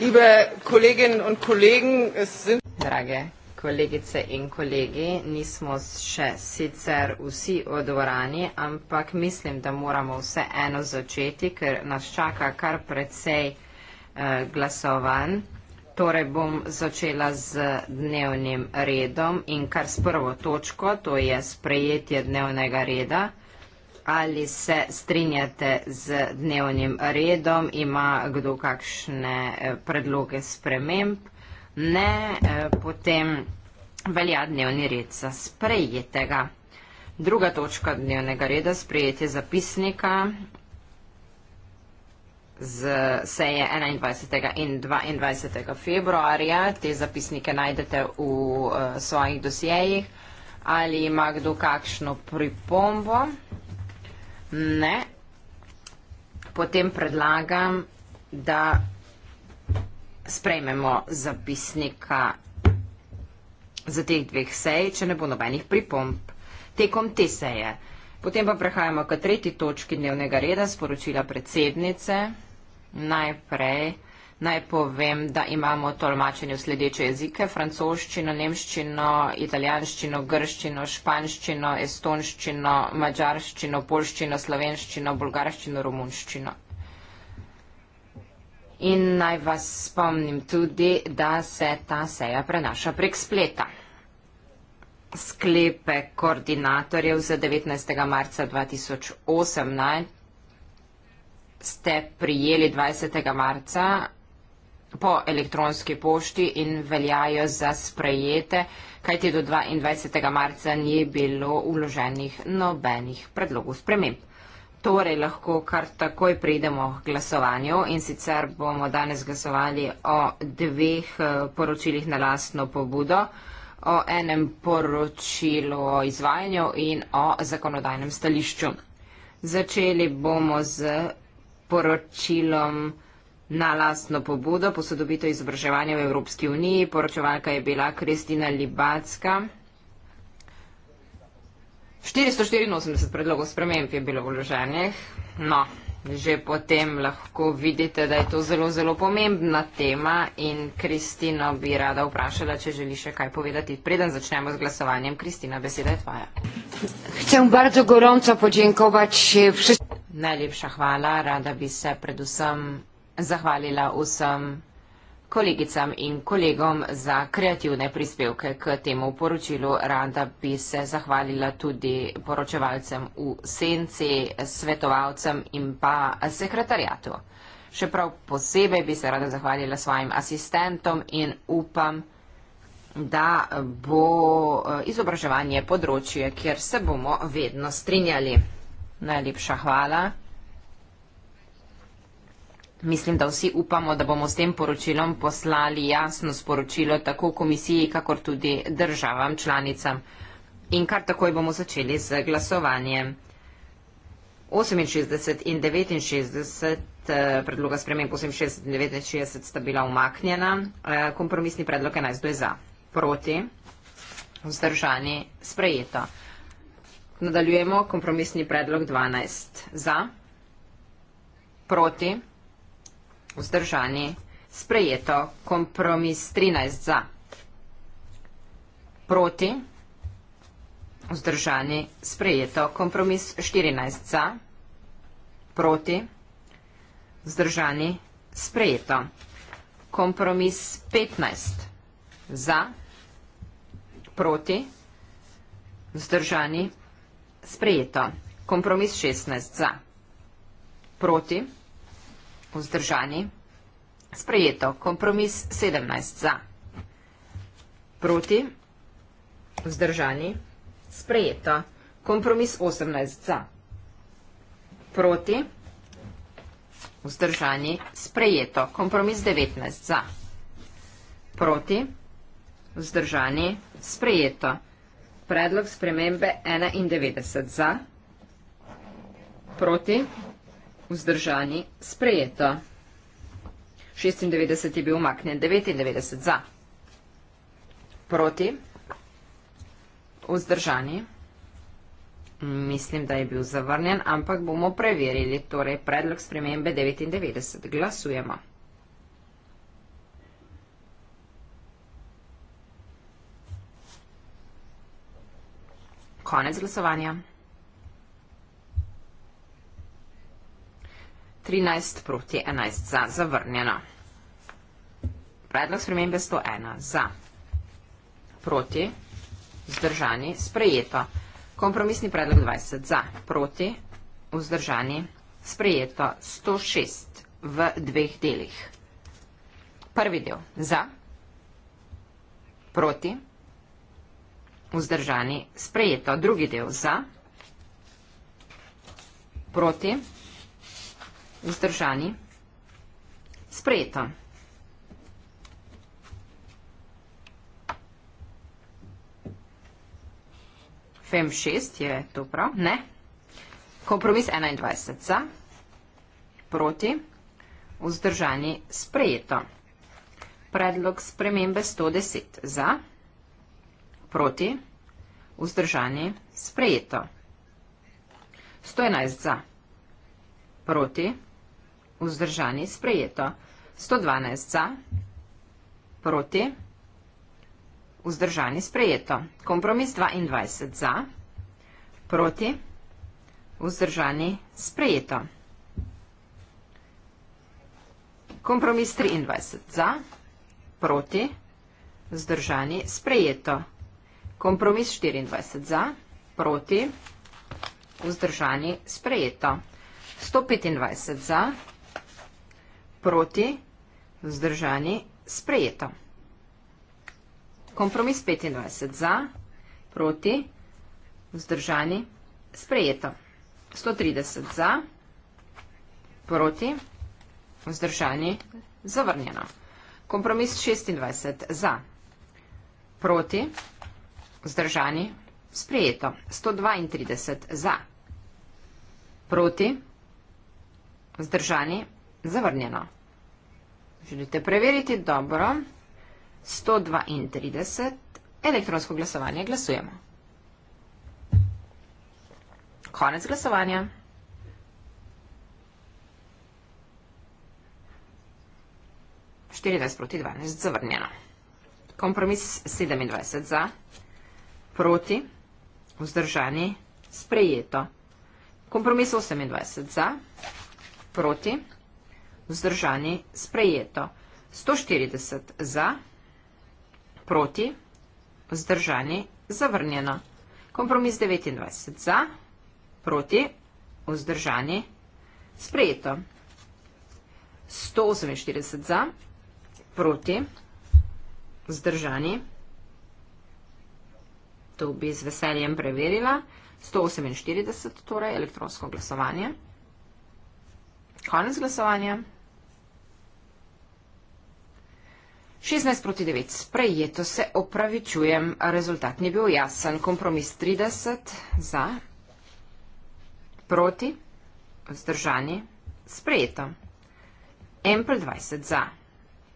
Liebe Kolleginnen und Kollegen, es sind. Drage. Kolegice in kolegi, nismo še sicer vsi v dvorani, ampak mislim, da moramo vse eno začeti, ker nas čaka kar precej eh, glasovanj. Torej bom začela z dnevnim redom in kar s prvo točko, to je sprejetje dnevnega reda. Ali se strinjate z dnevnim redom? Ima kdo kakšne eh, predloge sprememb? Ne, eh, potem velja dnevni red za sprejetega. Druga točka dnevnega reda, sprejetje zapisnika z seje 21. in 22. februarja. Te zapisnike najdete v eh, svojih dosjejih. Ali ima kdo kakšno pripombo? ne, potem predlagam, da sprejmemo zapisnika za teh dveh sej, če ne bo nobenih pripomp tekom te seje. Potem pa prehajamo k tretji točki dnevnega reda sporočila predsednice. Najprej Naj povem, da imamo tolmačenje v sledeče jezike, francoščino, nemščino, italijanščino, grščino, španščino, estonščino, mađarščino, polščino, slovenščino, bolgarščino, romunščino. In naj vas spomnim tudi, da se ta seja prenaša prek spleta. Sklepe koordinatorjev za 19. marca 2018 ste prijeli 20. marca 2018 po elektronski pošti in veljajo za sprejete, kajti do 22. marca ni bilo uloženih nobenih predlogov sprememb. Torej lahko kar takoj pridemo k glasovanju in sicer bomo danes glasovali o dveh eh, poročilih na lastno pobudo, o enem poročilu o izvajanju in o zakonodajnem stališču. Začeli bomo z poročilom Na lastno pobudo posodobitev izobraževanja v Evropski uniji, poročevalka je bila Kristina Libacka. 484 predlogov sprememb je bilo vloženih. No, že potem lahko vidite, da je to zelo, zelo pomembna tema in Kristina bi rada vprašala, če želi še kaj povedati. Preden začnemo z glasovanjem, Kristina, beseda je tvoja. E, Najlepša hvala, rada bi se predvsem zahvalila vsem kolegicam in kolegom za kreativne prispevke k temu poročilu. Rada bi se zahvalila tudi poročevalcem v senci, svetovalcem in pa sekretarjatu. Še prav posebej bi se rada zahvalila svojim asistentom in upam, da bo eh, izobraževanje področje, kjer se bomo vedno strinjali. Najlepša hvala. Mislim, da vsi upamo, da bomo s tem poročilom poslali jasno sporočilo tako komisiji, kakor tudi državam članicam. In kar takoj bomo začeli z glasovanjem. 68 in 69 eh, predloga sprememb 68 in 69 sta bila umaknjena, eh, kompromisni predlog 11 je za, proti, vzdržani, sprejeto. Nadaljujemo kompromisni predlog 12 za, proti, vzdržani, sprejeto vzdržani, sprejeto kompromis 13 za, proti, vzdržani, sprejeto kompromis 14 za, proti, vzdržani, sprejeto kompromis 15 za, proti, vzdržani, sprejeto kompromis 16 za, proti, vzdržani, sprejeto vzdržani. Sprejeto. Kompromis 17 za. Proti. Vzdržani. Sprejeto. Kompromis 18 za. Proti. Vzdržani. Sprejeto. Kompromis 19 za. Proti. Vzdržani. Sprejeto. Predlog spremembe 91 za. Proti. Proti vzdržani, sprejeto. 96 je bil umaknjen, 99 za. Proti, vzdržani, mislim, da je bil zavrnjen, ampak bomo preverili, torej predlog spremembe 99. Glasujemo. Konec glasovanja. 13 proti 11 za zavrnjeno. Predlog spremembe 101 za proti vzdržani sprejeto. Kompromisni predlog 20 za proti vzdržani sprejeto 106 v dveh delih. Prvi del za proti vzdržani sprejeto. Drugi del za proti vzdržani sprejeto vzdržani, sprejeto. Fem šest je to prav, ne. Kompromis 21 za, proti, vzdržani, sprejeto. Predlog spremembe 110 za, proti, vzdržani, sprejeto. 111 za, proti, vzdržani, sprejeto vzdržani sprejeto. 112 za, proti, vzdržani sprejeto. Kompromis 22 za, proti, vzdržani sprejeto. Kompromis 23 za, proti, vzdržani sprejeto. Kompromis 24 za, proti, vzdržani sprejeto. 125 za, proti, vzdržani sprejeto proti, vzdržani, sprejeto. Kompromis 25 za, proti, vzdržani, sprejeto. 130 za, proti, vzdržani, zavrnjeno. Kompromis 26 za, proti, vzdržani, sprejeto. 132 za, proti, vzdržani, sprejeto. Zavrnjeno. Želite preveriti? Dobro. 132. Elektronsko glasovanje. Glasujemo. Konec glasovanja. Štirinaest proti dvanaest zavrnjeno. Kompromis sedemindvajset za, proti, vzdržani, sprejeto. Kompromis osemindvajset za, proti, vzdržani vzdržani sprejeto. 140 za, proti, vzdržani zavrnjeno. Kompromis 29 za, proti, vzdržani sprejeto. 148 za, proti, vzdržani, to bi z veseljem preverila, 148 torej elektronsko glasovanje. Konec glasovanja. 16 proti 9 sprejeto se opravičujem, rezultat ni bil jasen. Kompromis 30 za, proti, vzdržani, sprejeto. Ample 20 za,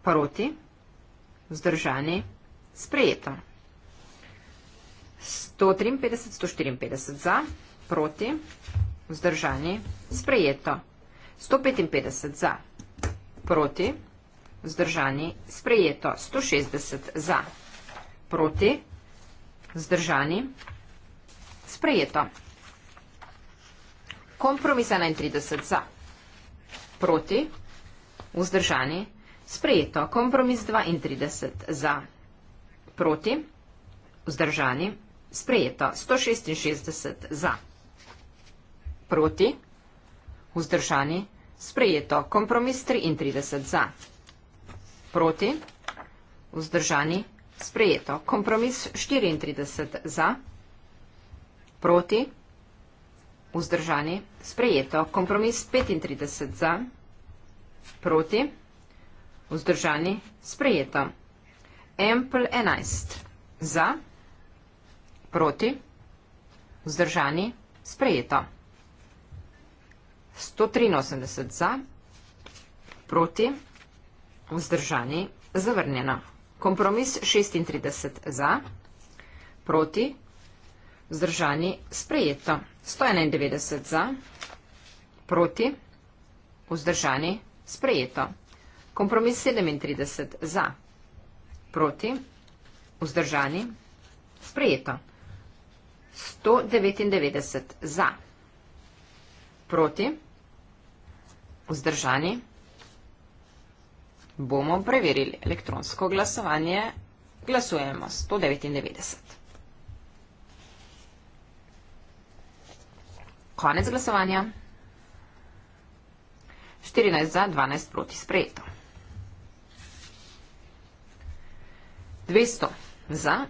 proti, vzdržani, sprejeto. 153, 154 za, proti, vzdržani, sprejeto. 155 za, proti, vzdržani vzdržani, sprejeto 160 za, proti, vzdržani, sprejeto. Kompromis 31 za, proti, vzdržani, sprejeto. Kompromis 32 za, proti, vzdržani, sprejeto. 166 za, proti, vzdržani, sprejeto. Kompromis 33 za, proti proti, vzdržani, sprejeto. Kompromis 34 za, proti, vzdržani, sprejeto. Kompromis 35 za, proti, vzdržani, sprejeto. Empl 11 za, proti, vzdržani, sprejeto. 183 za, proti, vzdržani, sprejeto vzdržani, zavrnjeno. Kompromis 36 za, proti, vzdržani, sprejeto. 191 za, proti, vzdržani, sprejeto. Kompromis 37 za, proti, vzdržani, sprejeto. 199 za, proti, vzdržani, sprejeto. Bomo preverili elektronsko glasovanje. Glasujemo 199. Konec glasovanja. 14 za, 12 proti sprejeto. 200 za,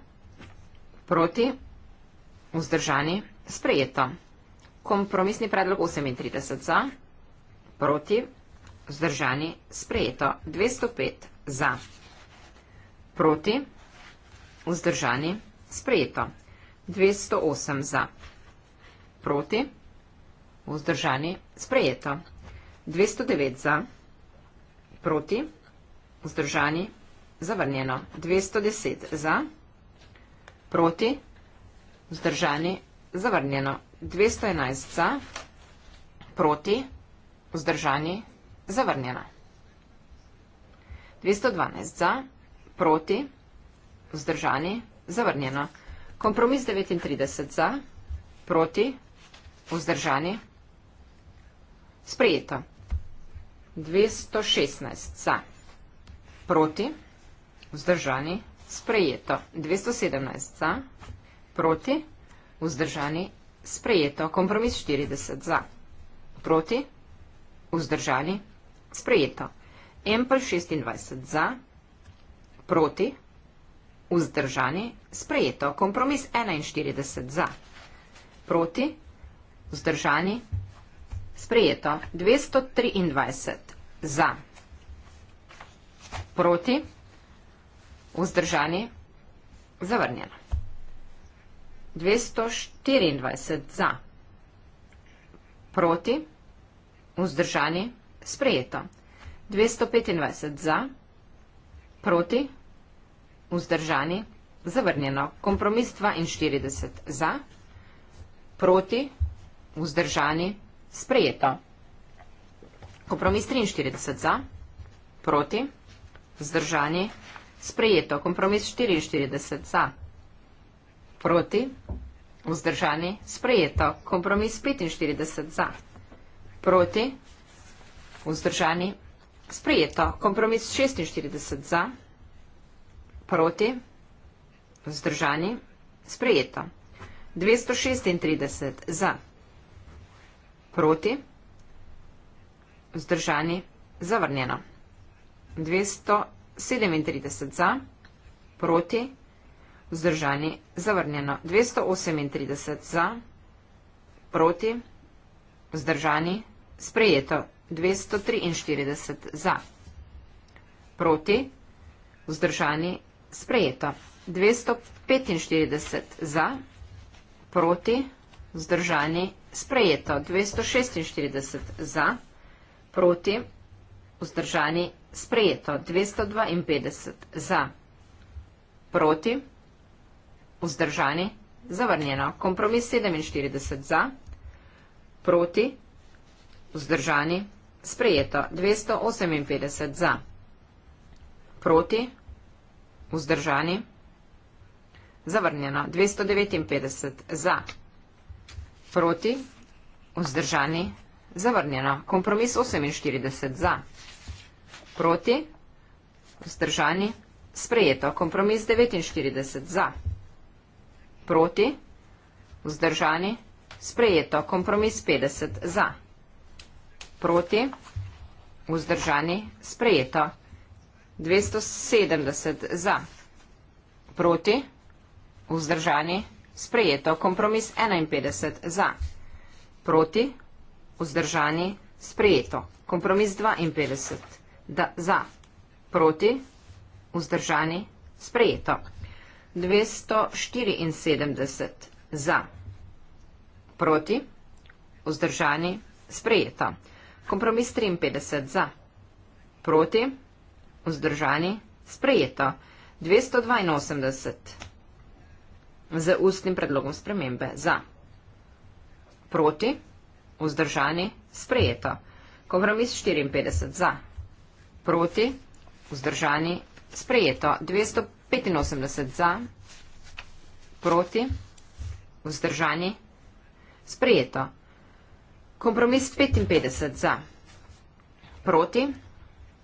proti, vzdržani, sprejeto. Kompromisni predlog 38 za, proti, vzdržani vzdržani, sprejeto 205 za, proti, vzdržani, sprejeto 208 za, proti, vzdržani, sprejeto 209 za, proti, vzdržani, zavrnjeno 210 za, proti, vzdržani, zavrnjeno 211 za, proti, vzdržani, zavrnjeno. Zavrnjena. 212 za, proti, vzdržani, zavrnjena. Kompromis 39 za, proti, vzdržani, sprejeto. 216 za, proti, vzdržani, sprejeto. 217 za, proti, vzdržani, sprejeto. Kompromis 40 za, proti, vzdržani, sprejeto. Sprejeto. Ampel 26 za, proti, vzdržani, sprejeto. Kompromis 41 za, proti, vzdržani, sprejeto. 223 za, proti, vzdržani, zavrnjeno. 224 za, proti, vzdržani, zavrnjeno. Sprejeto. 225 za, proti, vzdržani, zavrnjeno. Kompromis 42 za, proti, vzdržani, sprejeto. Kompromis 43 za, proti, vzdržani, sprejeto. Kompromis 44 za, proti, vzdržani, sprejeto. Kompromis 45 za, proti, vzdržani, sprejeto. Vzdržani. Sprejeto. Kompromis 46 za. Proti. Vzdržani. Sprejeto. 236 za. Proti. Vzdržani. Zavrnjeno. 237 za. Proti. Vzdržani. Zavrnjeno. 238 za. Proti. Vzdržani. Sprejeto. 243 za. Proti, vzdržani, sprejeto. 245 za, proti, vzdržani, sprejeto. 246 za, proti, vzdržani, sprejeto. 252 za, proti, vzdržani, zavrnjeno. Kompromis 47 za, proti, vzdržani, sprejeto sprejeto 258 za. Proti, vzdržani, zavrnjeno 259 za. Proti, vzdržani, zavrnjeno, kompromis 48 za. Proti, vzdržani, sprejeto, kompromis 49 za. Proti, vzdržani, sprejeto, kompromis 50 za proti, vzdržani, sprejeto. 270 za, proti, vzdržani, sprejeto. Kompromis 51 za, proti, vzdržani, sprejeto. Kompromis 52 da, za, proti, vzdržani, sprejeto. 274 za, proti, vzdržani, sprejeto kompromis 53 za, proti, vzdržani, sprejeto 282 z ustnim predlogom spremembe za, proti, vzdržani, sprejeto, kompromis 54 za, proti, vzdržani, sprejeto 285 za, proti, vzdržani, sprejeto Kompromis 55 za. Proti,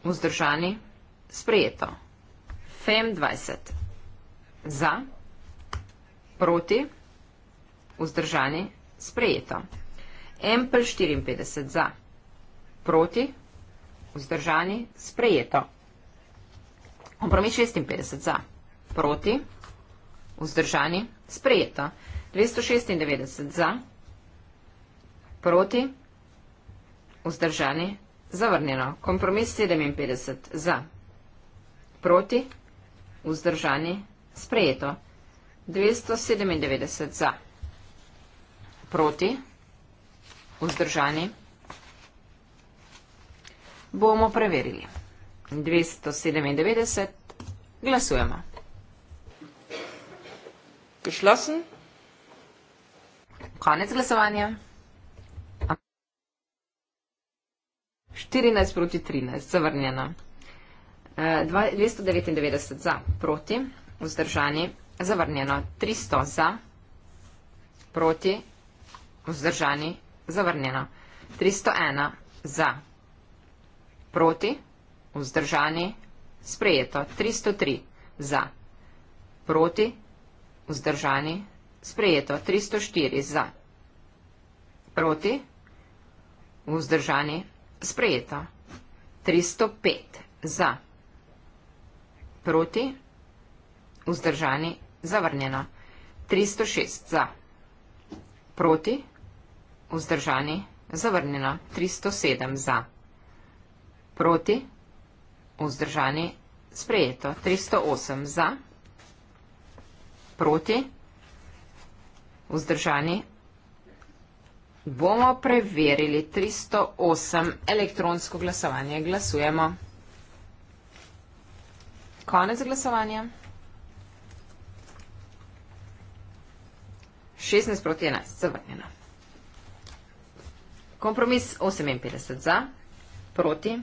vzdržani, sprejeto. FEM 20 za. Proti, vzdržani, sprejeto. EMPL 54 za. Proti, vzdržani, sprejeto. Kompromis 56 za. Proti, vzdržani, sprejeto. 296 za. Proti, vzdržani, sprejeto. Proti? Vzdržani? Zavrnjeno. Kompromis 57. Za. Proti? Vzdržani? Sprejeto. 297. Za. Proti? Vzdržani? Bomo preverili. 297. Glasujemo. Geschlossen. Konec glasovanja. 14 proti 13, zavrnjena. 299 za, proti, vzdržani, zavrnjeno. 300 za, proti, vzdržani, zavrnjeno. 301 za, proti, vzdržani, sprejeto. 303 za, proti, vzdržani, sprejeto. 304 za, proti, vzdržani, sprejeta. 305 za, proti, vzdržani, zavrnjeno. 306 za, proti, vzdržani, zavrnjeno. 307 za, proti, vzdržani, sprejeto. 308 za, proti, vzdržani, zavrnjeno. Bomo preverili 308 elektronsko glasovanje. Glasujemo. Konec glasovanja. 16 proti 11. Zavrnjeno. Kompromis 58 za, proti,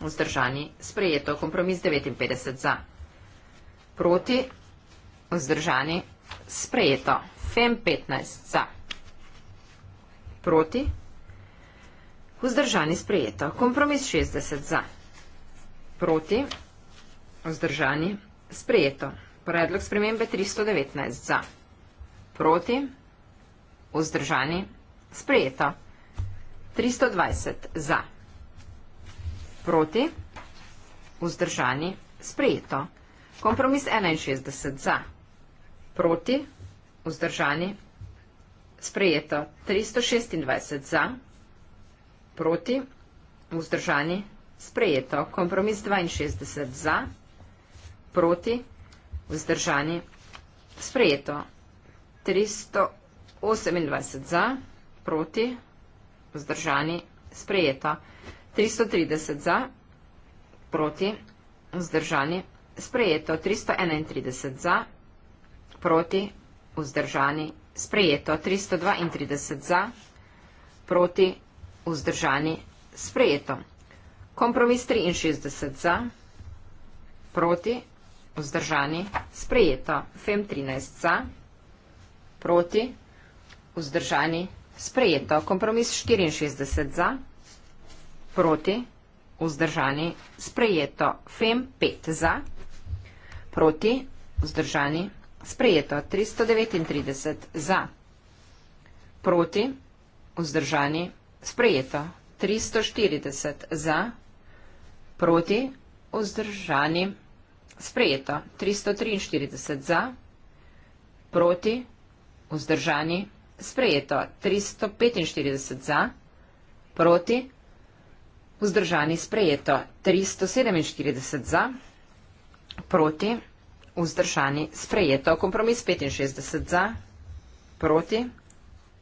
vzdržani, sprejeto. Kompromis 59 za, proti, vzdržani, sprejeto. FEM 15 za proti. Vzdržani sprejeto. Kompromis 60 za. Proti. Vzdržani sprejeto. Predlog spremembe 319 za. Proti. Vzdržani sprejeto. 320 za. Proti. Vzdržani sprejeto. Kompromis 61 za. Proti. Vzdržani sprejeto. Sprejeto 326 za, proti, vzdržani, sprejeto. Kompromis 62 za, proti, vzdržani, sprejeto. 328 za, proti, vzdržani, sprejeto. 330 za, proti, vzdržani, sprejeto. 331 za, proti, vzdržani, sprejeto sprejeto 332 za, proti vzdržani sprejeto. Kompromis 63 za, proti vzdržani sprejeto. FEM 13 za, proti vzdržani sprejeto. Kompromis 64 za, proti vzdržani sprejeto. FEM 5 za, proti vzdržani sprejeto. Sprejeto 339 za. Proti, vzdržani, sprejeto 340 za. Proti, vzdržani, sprejeto 343 za. Proti, vzdržani, sprejeto 345 za. Proti, vzdržani, sprejeto 347 za. Proti, vzdržani, sprejeto 347 za. Proti, vzdržani. Sprejeto. Kompromis 65 za, proti,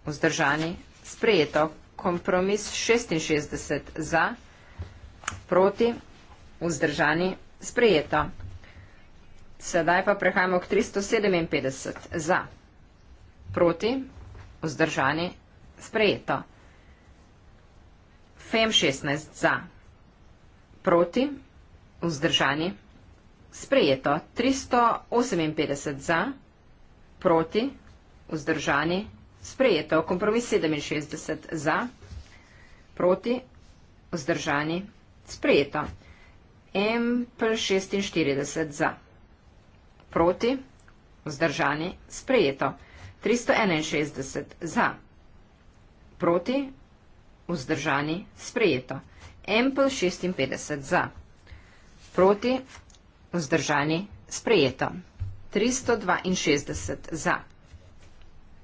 vzdržani. Sprejeto. Kompromis 66 za, proti, vzdržani. Sprejeto. Sedaj pa prehajamo k 357 za, proti, vzdržani. Sprejeto. FEM 16 za, proti, vzdržani. Sprejeto. Sprejeto 358 za, proti, vzdržani. Sprejeto kompromis 67 za, proti, vzdržani. Sprejeto MP46 za, proti, vzdržani. Sprejeto 361 za, proti, vzdržani. Sprejeto MP56 za, proti, vzdržani. Vzdržani sprejeto. 362 za.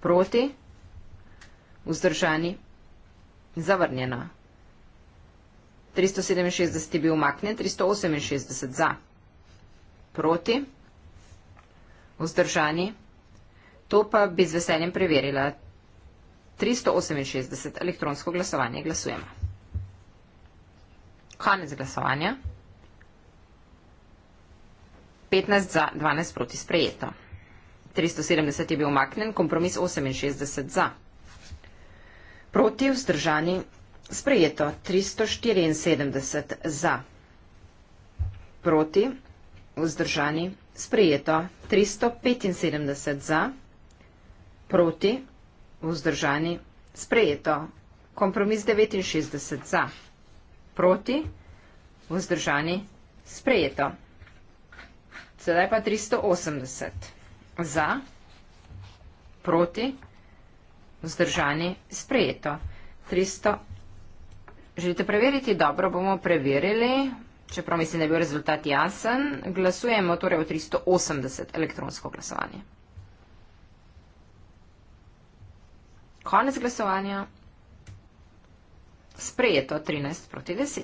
Proti. Vzdržani. Zavrnjeno. 367 je bil umaknjen. 368 za. Proti. Vzdržani. To pa bi z veseljem preverila. 368 elektronsko glasovanje glasujemo. Konec glasovanja. 15 za, 12 proti sprejeto. 370 je bil omaknen, kompromis 68 za. Proti vzdržani sprejeto 374 za. Proti vzdržani sprejeto 375 za. Proti vzdržani sprejeto kompromis 69 za. Proti vzdržani sprejeto. Sedaj pa 380. Za, proti, vzdržani, sprejeto. 300. Želite preveriti? Dobro, bomo preverili. Čeprav mislim, da je bil rezultat jasen, glasujemo torej v 380 elektronsko glasovanje. Konec glasovanja. Sprejeto 13 proti 10.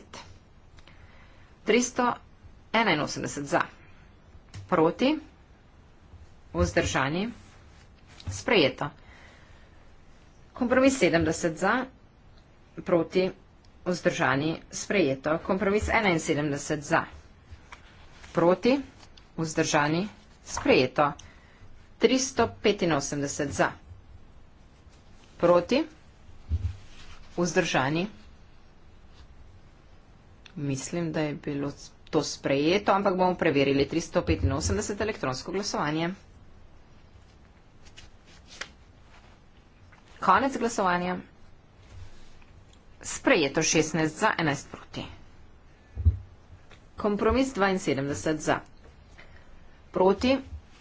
381 za. Proti? Vzdržani? Sprejeto. Kompromis 70 za, proti, vzdržani, sprejeto. Kompromis 71 za, proti, vzdržani, sprejeto. 385 za, proti, vzdržani, mislim, da je bilo sprejeto to sprejeto, ampak bomo preverili 385 elektronsko glasovanje. Konec glasovanja. Sprejeto 16 za 11 proti. Kompromis 72 za. Proti,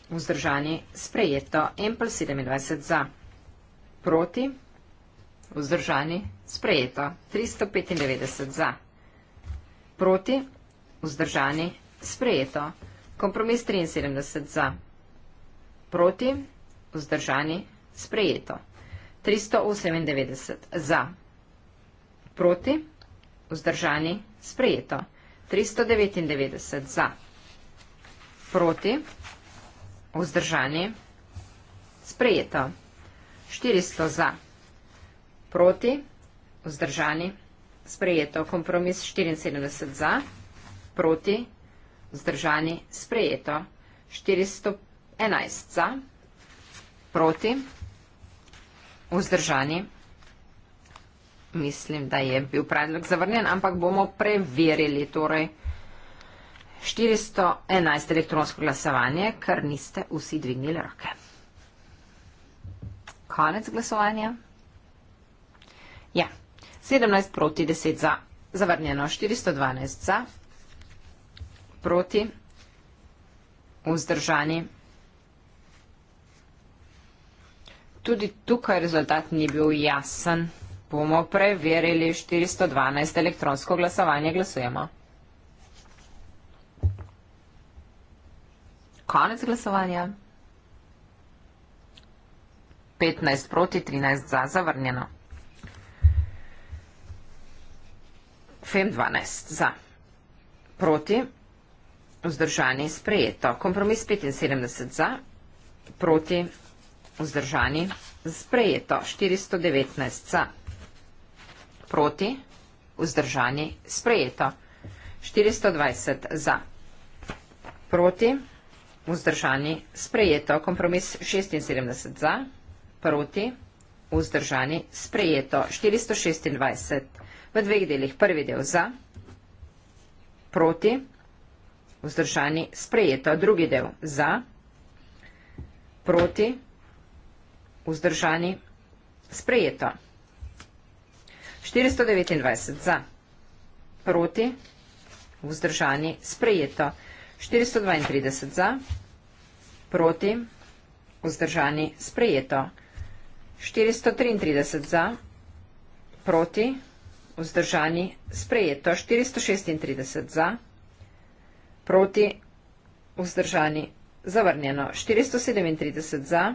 vzdržani, sprejeto, Empel 27 za. Proti, vzdržani, sprejeto, 395 za. Proti, vzdržani, sprejeto. Kompromis 73 za, proti, vzdržani, sprejeto. 398 za, proti, vzdržani, sprejeto. 399 za, proti, vzdržani, sprejeto. 400 za, proti, vzdržani, sprejeto. Kompromis 74 za, proti, vzdržani, sprejeto proti, vzdržani, sprejeto, 411 za, proti, vzdržani, mislim, da je bil predlog zavrnjen, ampak bomo preverili, torej, 411 elektronsko glasovanje, kar niste vsi dvignili roke. Konec glasovanja. Ja, 17 proti 10 za, zavrnjeno 412 za, proti, vzdržani. Tudi tukaj rezultat ni bil jasen. Bomo preverili 412 elektronsko glasovanje. Glasujemo. Konec glasovanja. 15 proti, 13 za, zavrnjeno. FEM 12 za, proti, vzdržani in sprejeto. Kompromis 75 za, proti vzdržani sprejeto. 419 za, proti vzdržani sprejeto. 420 za, proti vzdržani sprejeto. Kompromis 76 za, proti vzdržani sprejeto. 426 v dveh delih prvi del za, proti vzdržani sprejeto vzdržani sprejeta. Drugi del za, proti, vzdržani sprejeta. 429 za, proti, vzdržani sprejeta. 432 za, proti, vzdržani sprejeta. 433 za, proti, vzdržani sprejeta. 436 za, proti, vzdržani sprejeta proti, vzdržani, zavrnjeno. 437 za,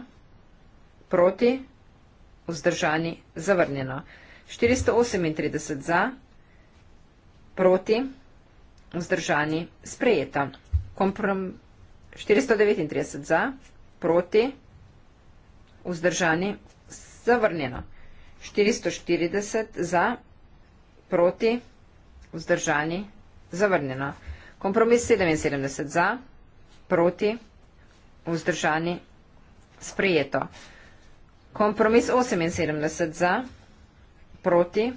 proti, vzdržani, zavrnjeno. 438 za, proti, vzdržani, sprejeto. Komprom 439 za, proti, vzdržani, zavrnjeno. 440 za, proti, vzdržani, zavrnjeno. Kompromis 77 za, proti, vzdržani, sprejeto. Kompromis 78 za, proti,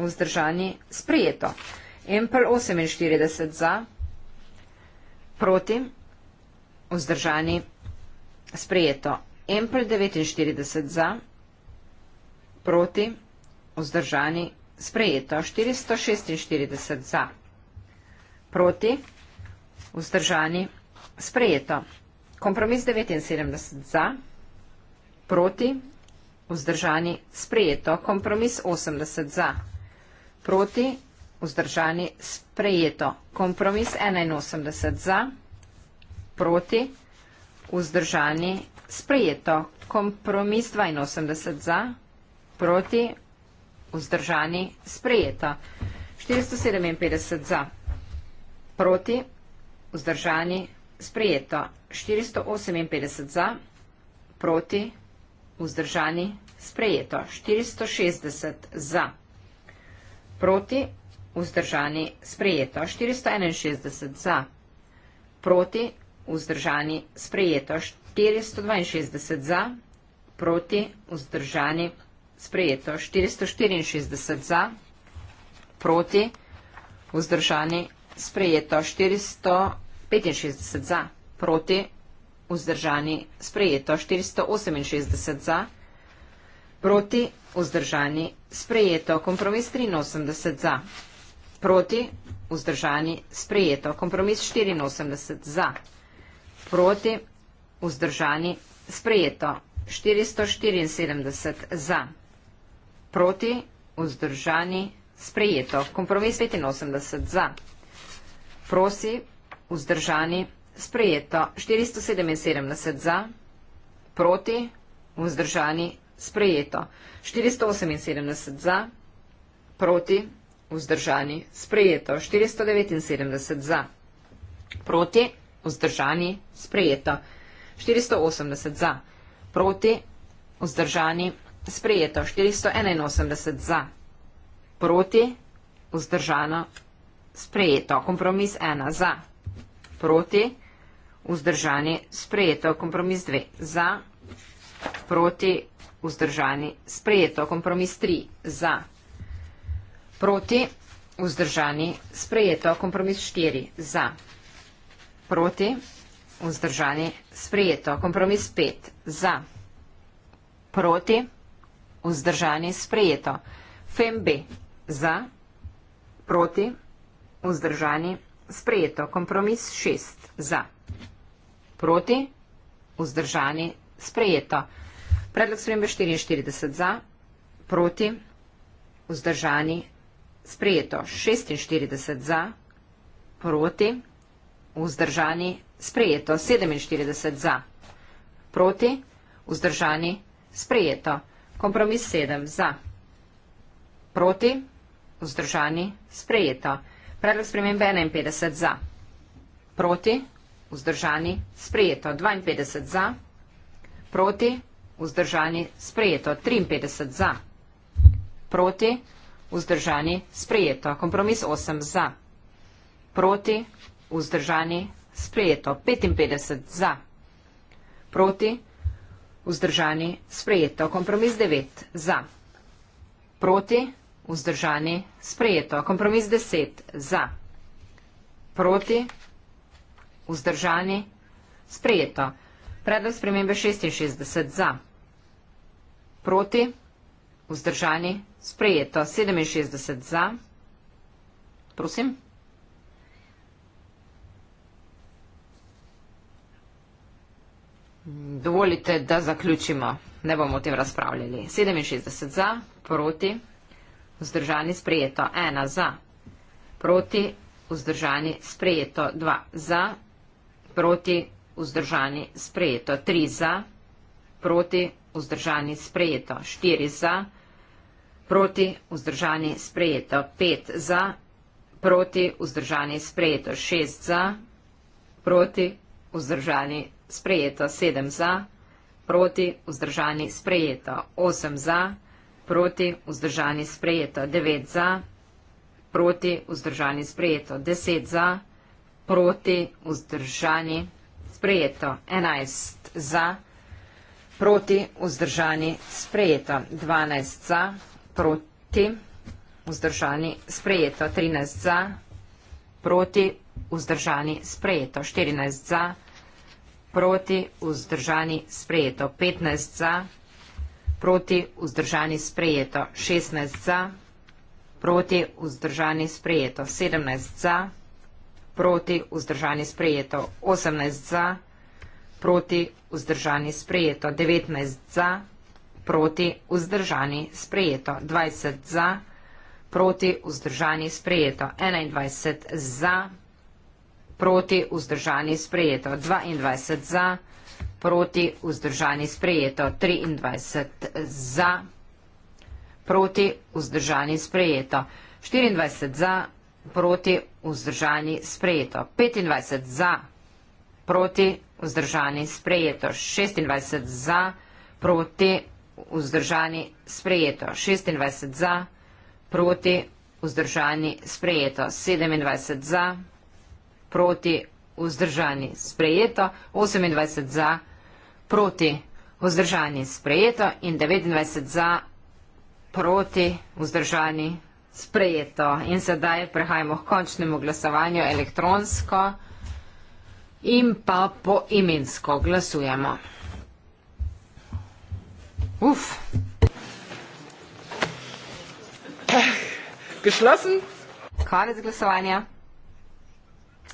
vzdržani, sprejeto. Empel 48 za, proti, vzdržani, sprejeto. Empel 49 za, proti, vzdržani, sprejeto. 446 za, proti proti, vzdržani, sprejeto. Kompromis 79 za, proti, vzdržani, sprejeto. Kompromis 80 za, proti, vzdržani, sprejeto. Kompromis 81 za, proti, vzdržani, sprejeto. Kompromis 82 za, proti, vzdržani, sprejeto. 457 za, proti, vzdržani, sprejeto. Proti, vzdržani, sprejeto. 458 za, proti, vzdržani, sprejeto. 460 za, proti, vzdržani, sprejeto. 461 za, proti, vzdržani, sprejeto. 462 za, proti, vzdržani, sprejeto. 464 za, proti, vzdržani, sprejeto sprejeto 465 za, proti vzdržani sprejeto 468 za, proti vzdržani sprejeto kompromis 83 za, proti vzdržani sprejeto kompromis 84 za, proti vzdržani sprejeto 474 za, proti vzdržani sprejeto kompromis 85 za. Prosi, vzdržani, sprejeto 477 za, proti, vzdržani, sprejeto 478 za, proti, vzdržani, sprejeto 479 za, proti, vzdržani, sprejeto 480 za, proti, vzdržani, sprejeto 481 za, proti, vzdržano, sprejeto. Kompromis 1 za, proti, vzdržani, sprejeto. Kompromis 2 za, proti, vzdržani, sprejeto. Kompromis 3 za, proti, vzdržani, sprejeto. Kompromis 4 za, proti, vzdržani, sprejeto. Kompromis 5 za, proti, vzdržani, sprejeto. FEMB za, proti, vzdržani, sprejeto vzdržani, sprejeto, kompromis šest, za, proti, vzdržani, sprejeto, predlog spremembe 44 za, proti, vzdržani, sprejeto, 46 za, proti, vzdržani, sprejeto, 47 za, proti, vzdržani, sprejeto, kompromis sedem, za, proti, vzdržani, sprejeto, Predlog spremembe 51 za. Proti, vzdržani, sprejeto. 52 za. Proti, vzdržani, sprejeto. 53 za. Proti, vzdržani, sprejeto. Kompromis 8 za. Proti, vzdržani, sprejeto. 55 za. Proti, vzdržani, sprejeto. Kompromis 9 za. Proti, vzdržani, sprejeto. Vzdržani, sprejeto. Kompromis 10. Za. Proti. Vzdržani, sprejeto. Predlog spremembe 66. Za. Proti. Vzdržani, sprejeto. 67. Za. Prosim. Dovolite, da zaključimo. Ne bomo o tem razpravljali. 67 za, proti, vzdržani sprejeto 1 za, proti vzdržani sprejeto 2 za, proti vzdržani sprejeto 3 za, proti vzdržani sprejeto 4 za, proti vzdržani sprejeto 5 za, proti vzdržani sprejeto 6 za, proti vzdržani sprejeto 7 za, proti vzdržani sprejeto 8 za, proti vzdržani sprejeto 8 za, proti, vzdržani sprejeto, 9 za, proti, vzdržani sprejeto, 10 za, proti, vzdržani sprejeto, 11 za, proti, vzdržani sprejeto, 12 za, proti, vzdržani sprejeto, 13 za, proti, vzdržani sprejeto, 14 za, proti, vzdržani sprejeto, 15 za, proti, proti vzdržani sprejeto, 16 za, proti vzdržani sprejeto, 17 za, proti vzdržani sprejeto, 18 za, proti vzdržani sprejeto, 19 za, proti vzdržani sprejeto, 20 za, proti vzdržani sprejeto, 21 za, proti vzdržani sprejeto, 22 za, proti vzdržani sprejeto, 22 za, proti, vzdržani sprejeto, 23 za, proti, vzdržani sprejeto, 24 za, proti, vzdržani sprejeto, 25 za, proti, vzdržani sprejeto, 26 za, proti, vzdržani sprejeto, 26 za, proti, vzdržani sprejeto, 27 za, proti, vzdržani sprejeto, 28 za, proti, proti vzdržani sprejeto in 29 za proti vzdržani sprejeto. In sedaj prehajamo k končnemu glasovanju elektronsko in pa poimensko glasujemo. Uf. Geschlossen. Konec glasovanja.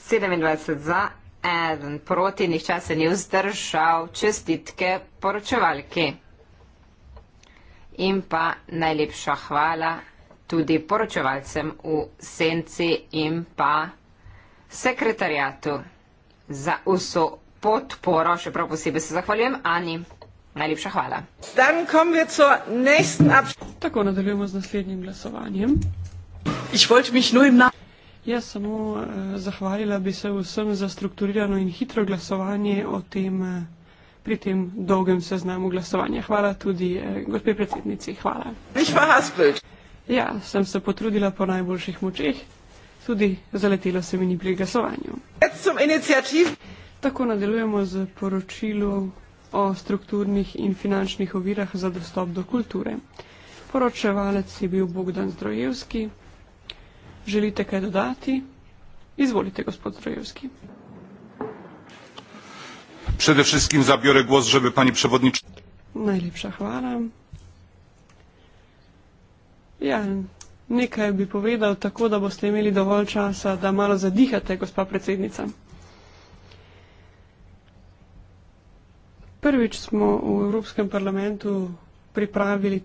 27 za eden proti, nihče se ni vzdržal čestitke poročevalki. In pa najlepša hvala tudi poročevalcem v Senci in pa sekretarjatu za vso podporo, še prav posebej se zahvaljujem Ani. Najlepša hvala. Tako nadaljujemo z naslednjim glasovanjem. Ich wollte mich nur im Namen. Jaz samo eh, zahvalila bi se vsem za strukturirano in hitro glasovanje tem, eh, pri tem dolgem seznamu glasovanja. Hvala tudi eh, gospe predsednici. Hvala. Ja, sem se potrudila po najboljših močeh, tudi zaletela se mi ni pri glasovanju. Tako nadaljujemo z poročilo o strukturnih in finančnih ovirah za dostop do kulture. Poročevalec je bil Bogdan Zdrojevski. Želite kaj dodati? Izvolite, gospod Zdrojewski. Przede wszystkim zabiorę głos, żeby pani przewodniczy... Najlepsza chwała. Ja, nieka by powiedział, tak, da boste mieli dowol czasu, da malo zadichate, gospa predsednica. Prvič smo v Evropskem parlamentu pripravili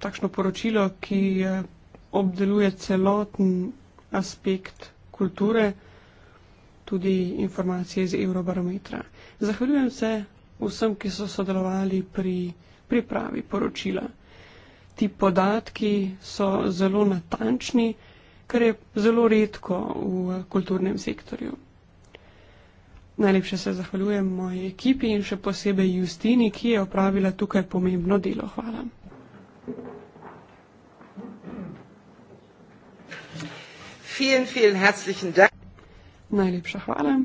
takšno poročilo, ki je obdeluje celoten aspekt kulture, tudi informacije iz Eurobarometra. Zahvaljujem se vsem, ki so sodelovali pri pripravi poročila. Ti podatki so zelo natančni, kar je zelo redko v kulturnem sektorju. Najlepše se zahvaljujem moji ekipi in še posebej Justini, ki je opravila tukaj pomembno delo. Hvala. Thank you. Vielen, vielen herzlichen Dank. Najlepša hvala.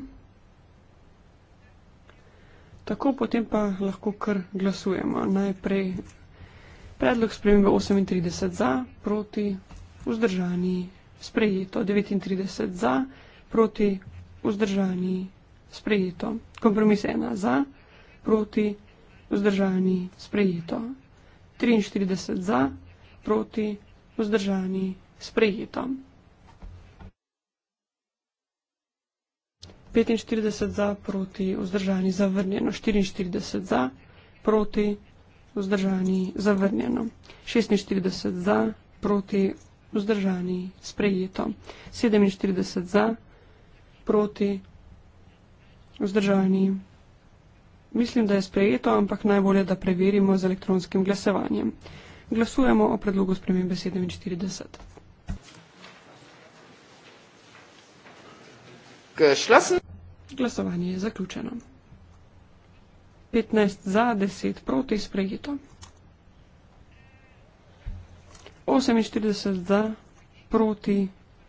Tako, potem pa lahko kar glasujemo. Najprej predlog spremembe 38 za, proti, vzdržani, sprejeto, 39 za, proti, vzdržani, sprejeto. Kompromis 1 za, proti, vzdržani, sprejeto. 43 za, proti, vzdržani, sprejeto. 45 za, proti, vzdržani, zavrnjeno. 44 za, proti, vzdržani, zavrnjeno. 46 za, proti, vzdržani, sprejeto. 47 za, proti, vzdržani. Mislim, da je sprejeto, ampak najbolje, da preverimo z elektronskim glasovanjem. Glasujemo o predlogu spremembe 47. Geschlossen. Glasovanje je zaključeno. 15 za, 10 proti, sprejeto. 48 za, proti,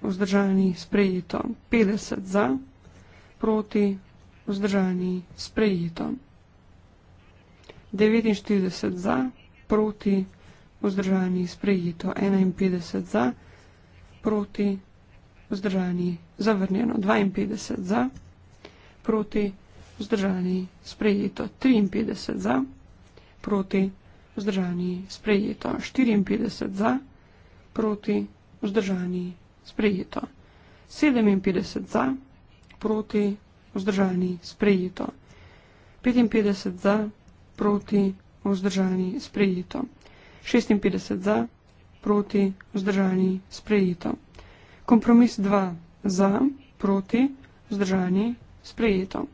vzdržani, sprejeto. 50 za, proti, vzdržani, sprejeto. 49 za, proti, vzdržani, sprejeto. 51 za, proti, vzdržani, zavrnjeno. 52 za, proti, vzdržani, sprejeto proti, vzdržani, sprejeto 53 za, proti, vzdržani, sprejeto 54 za, proti, vzdržani, sprejeto 57 za, proti, vzdržani, sprejeto 55 za, proti, vzdržani, sprejeto 56 za, proti, vzdržani, sprejeto. Kompromis 2 za, proti, vzdržani, sprejeto.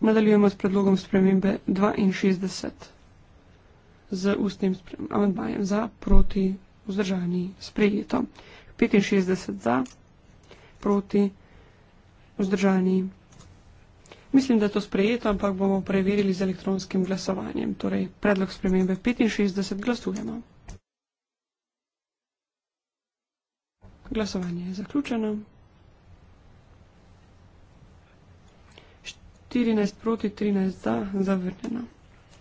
Nadaljujemo s predlogom spremembe 62 z ustnim amandmajem za proti vzdržani sprejeto. 65 za proti vzdržani. Mislim, da je to sprejeto, ampak bomo preverili z elektronskim glasovanjem. Torej, predlog spremembe 65 glasujemo. Glasovanje je zaključeno. 14 proti 13 za, zavrnjeno.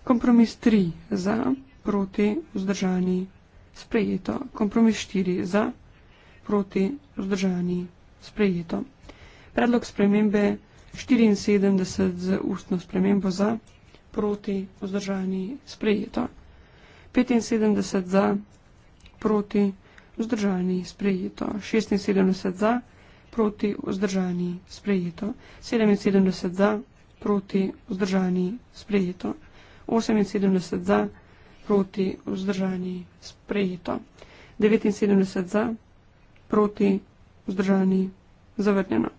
Kompromis 3 za, proti, vzdržani, sprejeto. Kompromis 4 za, proti, vzdržani, sprejeto. Predlog spremembe 74 z ustno spremembo za, proti, vzdržani, sprejeto. 75 za, proti, vzdržani, sprejeto. 76 za, proti, vzdržani, sprejeto. 77 za, proti, vzdržani, sprejeto. 78 za, proti, vzdržani, sprejeto. 79 za, proti, vzdržani, zavrnjeno.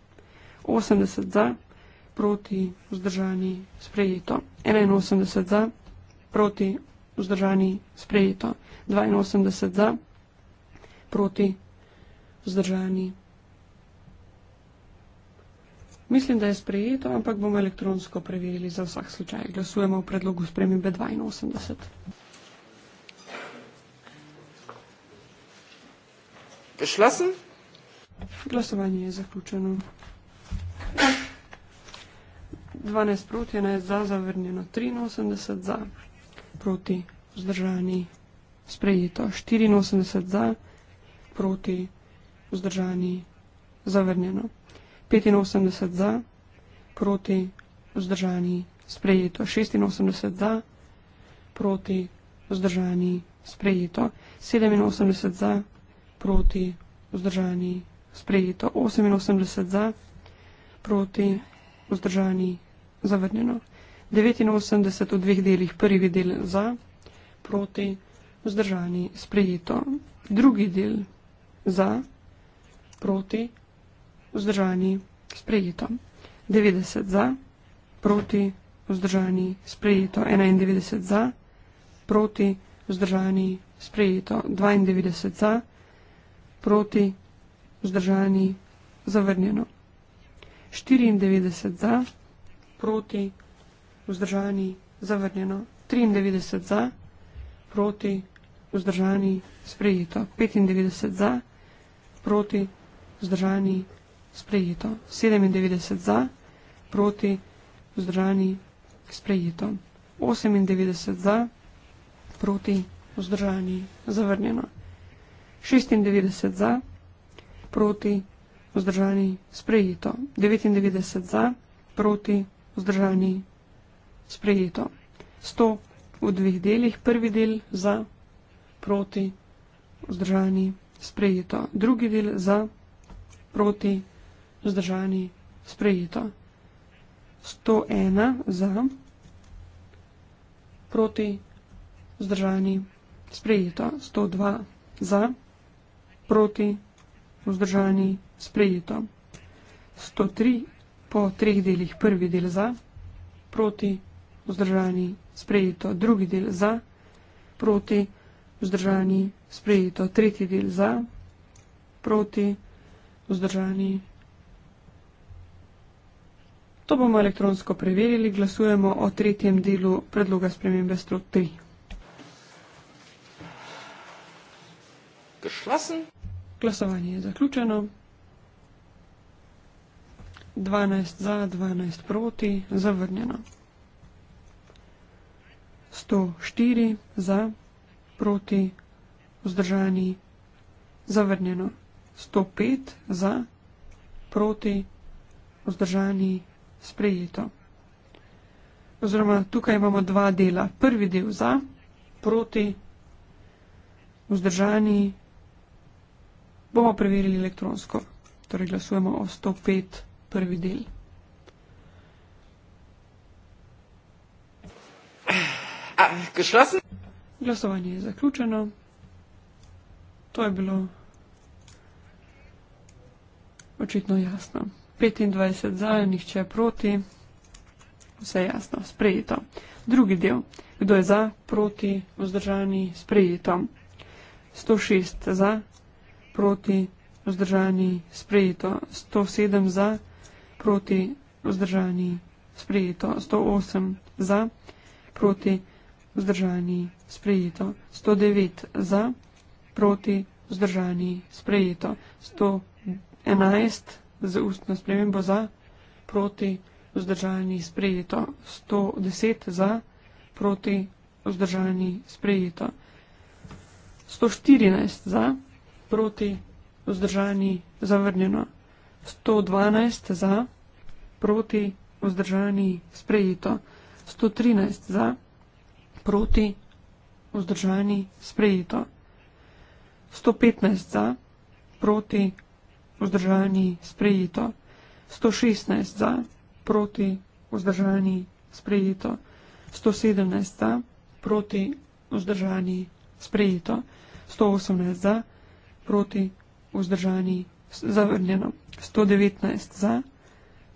80 za, proti, vzdržani, sprejeto. 81 za, proti, vzdržani, sprejeto. 82 za, proti, vzdržani, sprejeto. Mislim, da je sprejeto, ampak bomo elektronsko preverili za vsak slučaj. Glasujemo v predlogu spremembe 82. Beschlossen? Glasovanje je zaključeno. 12 proti, 11 za, zavrnjeno 83 za, proti vzdržani sprejeto 84 za, proti vzdržani zavrnjeno. 85 za, proti vzdržani sprejeto. 86 za, proti vzdržani sprejeto. 87 za, proti vzdržani sprejeto. 88 za, proti vzdržani zavrnjeno. 89 v dveh delih, prvi del za, proti vzdržani sprejeto. Drugi del za, proti vzdržani, sprejeto. 90 za, proti, vzdržani, sprejeto. 91 za, proti, vzdržani, sprejeto. 92 za, proti, vzdržani, zavrnjeno. 94 za, proti, vzdržani, zavrnjeno. 93 za, proti, vzdržani, sprejeto. 95 za, proti, vzdržani, sprejeto. 97 za, proti, vzdržani, sprejeto. 98 za, proti, vzdržani, zavrnjeno. 96 za, proti, vzdržani, sprejeto. 99 za, proti, vzdržani, sprejeto. 100 v dveh delih, prvi del za, proti, vzdržani, sprejeto. Drugi del za, proti, vzdržani, sprejeto vzdržani, sprejeto. 101 za, proti, vzdržani, sprejeto. 102 za, proti, vzdržani, sprejeto. 103 po treh delih, prvi del za, proti, vzdržani, sprejeto. Drugi del za, proti, vzdržani, sprejeto. Tretji del za, proti, vzdržani, sprejeto. To bomo elektronsko preverili, glasujemo o tretjem delu predloga spremembe strot 3. Glasovanje je zaključeno. 12 za, 12 proti, zavrnjeno. 104 za, proti, vzdržani, zavrnjeno. 105 za, proti, vzdržani, zavrnjeno sprejeto. Oziroma, tukaj imamo dva dela. Prvi del za, proti, vzdržani, bomo preverili elektronsko. Torej, glasujemo o 105, prvi del. Ah, Glasovanje je zaključeno. To je bilo očitno jasno. 25 za, nihče proti. Vse jasno, sprejeto. Drugi del. Kdo je za, proti, vzdržani, sprejeto. 106 za, proti, vzdržani, sprejeto. 107 za, proti, vzdržani, sprejeto. 108 za, proti, vzdržani, sprejeto. 109 za, proti, vzdržani, sprejeto. 111 za z ustno spremembo za, proti, vzdržani, sprejeto. 110 za, proti, vzdržani, sprejeto. 114 za, proti, vzdržani, zavrnjeno. 112 za, proti, vzdržani, sprejeto. 113 za, proti, vzdržani, sprejeto. 115 za, proti, vzdržani, sprejeto. 116 za, proti, vzdržani, sprejeto. 117 za, proti, vzdržani, sprejeto. 118 za, proti, vzdržani, zavrnjeno. 119 za,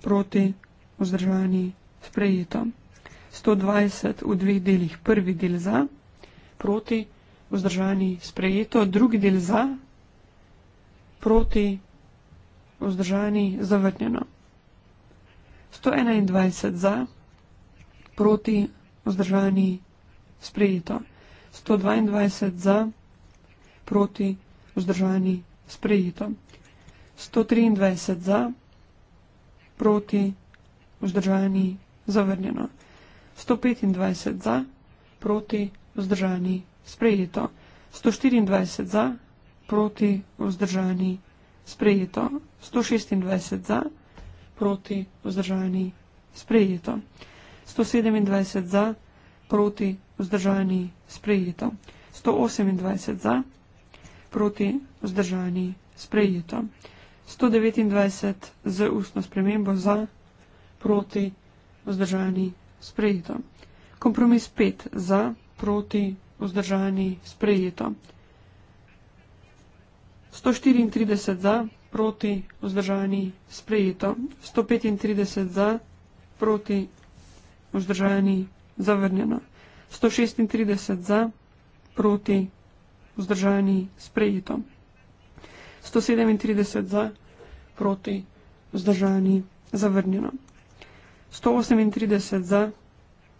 proti, vzdržani, sprejeto. 120 v dveh delih, prvi del za, proti, vzdržani, sprejeto, drugi del za, proti, vzdržani, sprejeto vzdržani, zavrnjeno. 121 za, proti, vzdržani, sprejeto. 122 za, proti, vzdržani, sprejeto. 123 za, proti, vzdržani, zavrnjeno. 125 za, proti, vzdržani, sprejeto. 124 za, proti, vzdržani, sprejeto sprejeto, 126 za, proti, vzdržani, sprejeto, 127 za, proti, vzdržani, sprejeto, 128 za, proti, vzdržani, sprejeto, 129 z ustno spremembo za, proti, vzdržani, sprejeto, kompromis 5 za, proti, vzdržani, sprejeto, 134 za, proti, vzdržani, sprejeto. 135 za, proti, vzdržani, zavrnjeno. 136 za, proti, vzdržani, sprejeto. 137 za, proti, vzdržani, zavrnjeno. 138 za,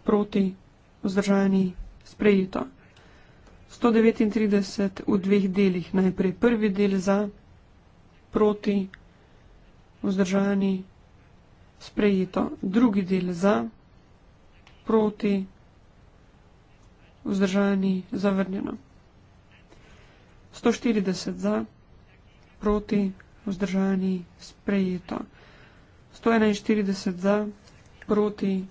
proti, vzdržani, sprejeto. 139 v dveh delih. Najprej prvi del za, proti, vzdržani, sprejeto. Drugi del za, proti, vzdržani, zavrnjeno. 140 za, proti, vzdržani, sprejeto. 141 za, proti,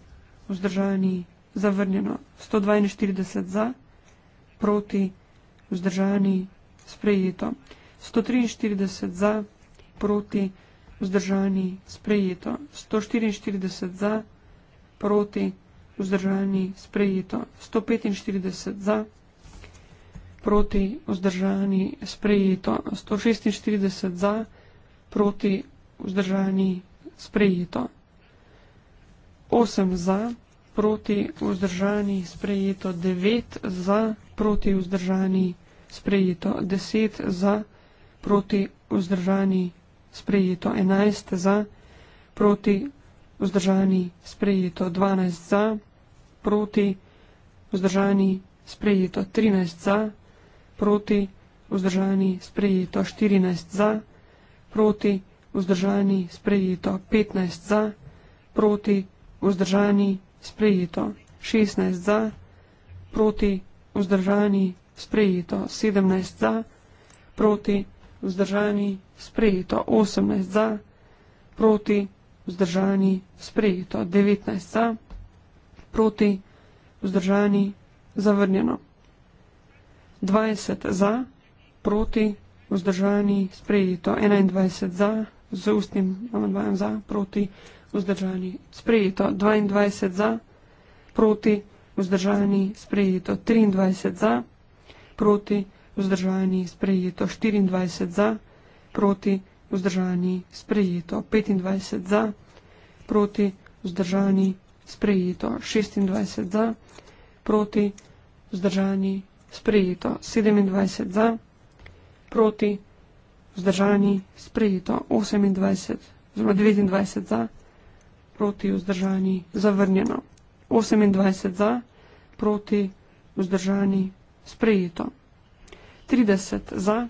vzdržani, zavrnjeno. 142 za, proti, vzdržani, zavrnjeno proti, vzdržani, sprejeto. 143 za, proti, vzdržani, sprejeto. 144 za, proti, vzdržani, sprejeto. 145 za, proti, vzdržani, sprejeto. 146 za, proti, vzdržani, sprejeto. 8 za, proti, vzdržani, sprejeto proti vzdržani sprejeto 9 za, proti vzdržani sprejeto 10 za, proti vzdržani sprejeto 11 za, proti vzdržani sprejeto 12 za, proti vzdržani sprejeto 13 za, proti vzdržani sprejeto 14 za, proti vzdržani sprejeto 15 za, proti vzdržani sprejeto 15 za, sprejeto. 16 za, proti, vzdržani, sprejeto. 17 za, proti, vzdržani, sprejeto. 18 za, proti, vzdržani, sprejeto. 19 za, proti, vzdržani, zavrnjeno. 20 za, proti, vzdržani, sprejeto. 21 za, z ustnim amandmajem za, proti, vzdržani, sprejeto 22 za, proti vzdržani, sprejeto 23 za, proti vzdržani, sprejeto 24 za, proti vzdržani, sprejeto 25 za, proti vzdržani, sprejeto 26 za, proti vzdržani, sprejeto 27 za, proti vzdržani, sprejeto 28, zelo 29 za, proti vzdržani zavrnjeno. 28 za, proti vzdržani sprejeto. 30 za,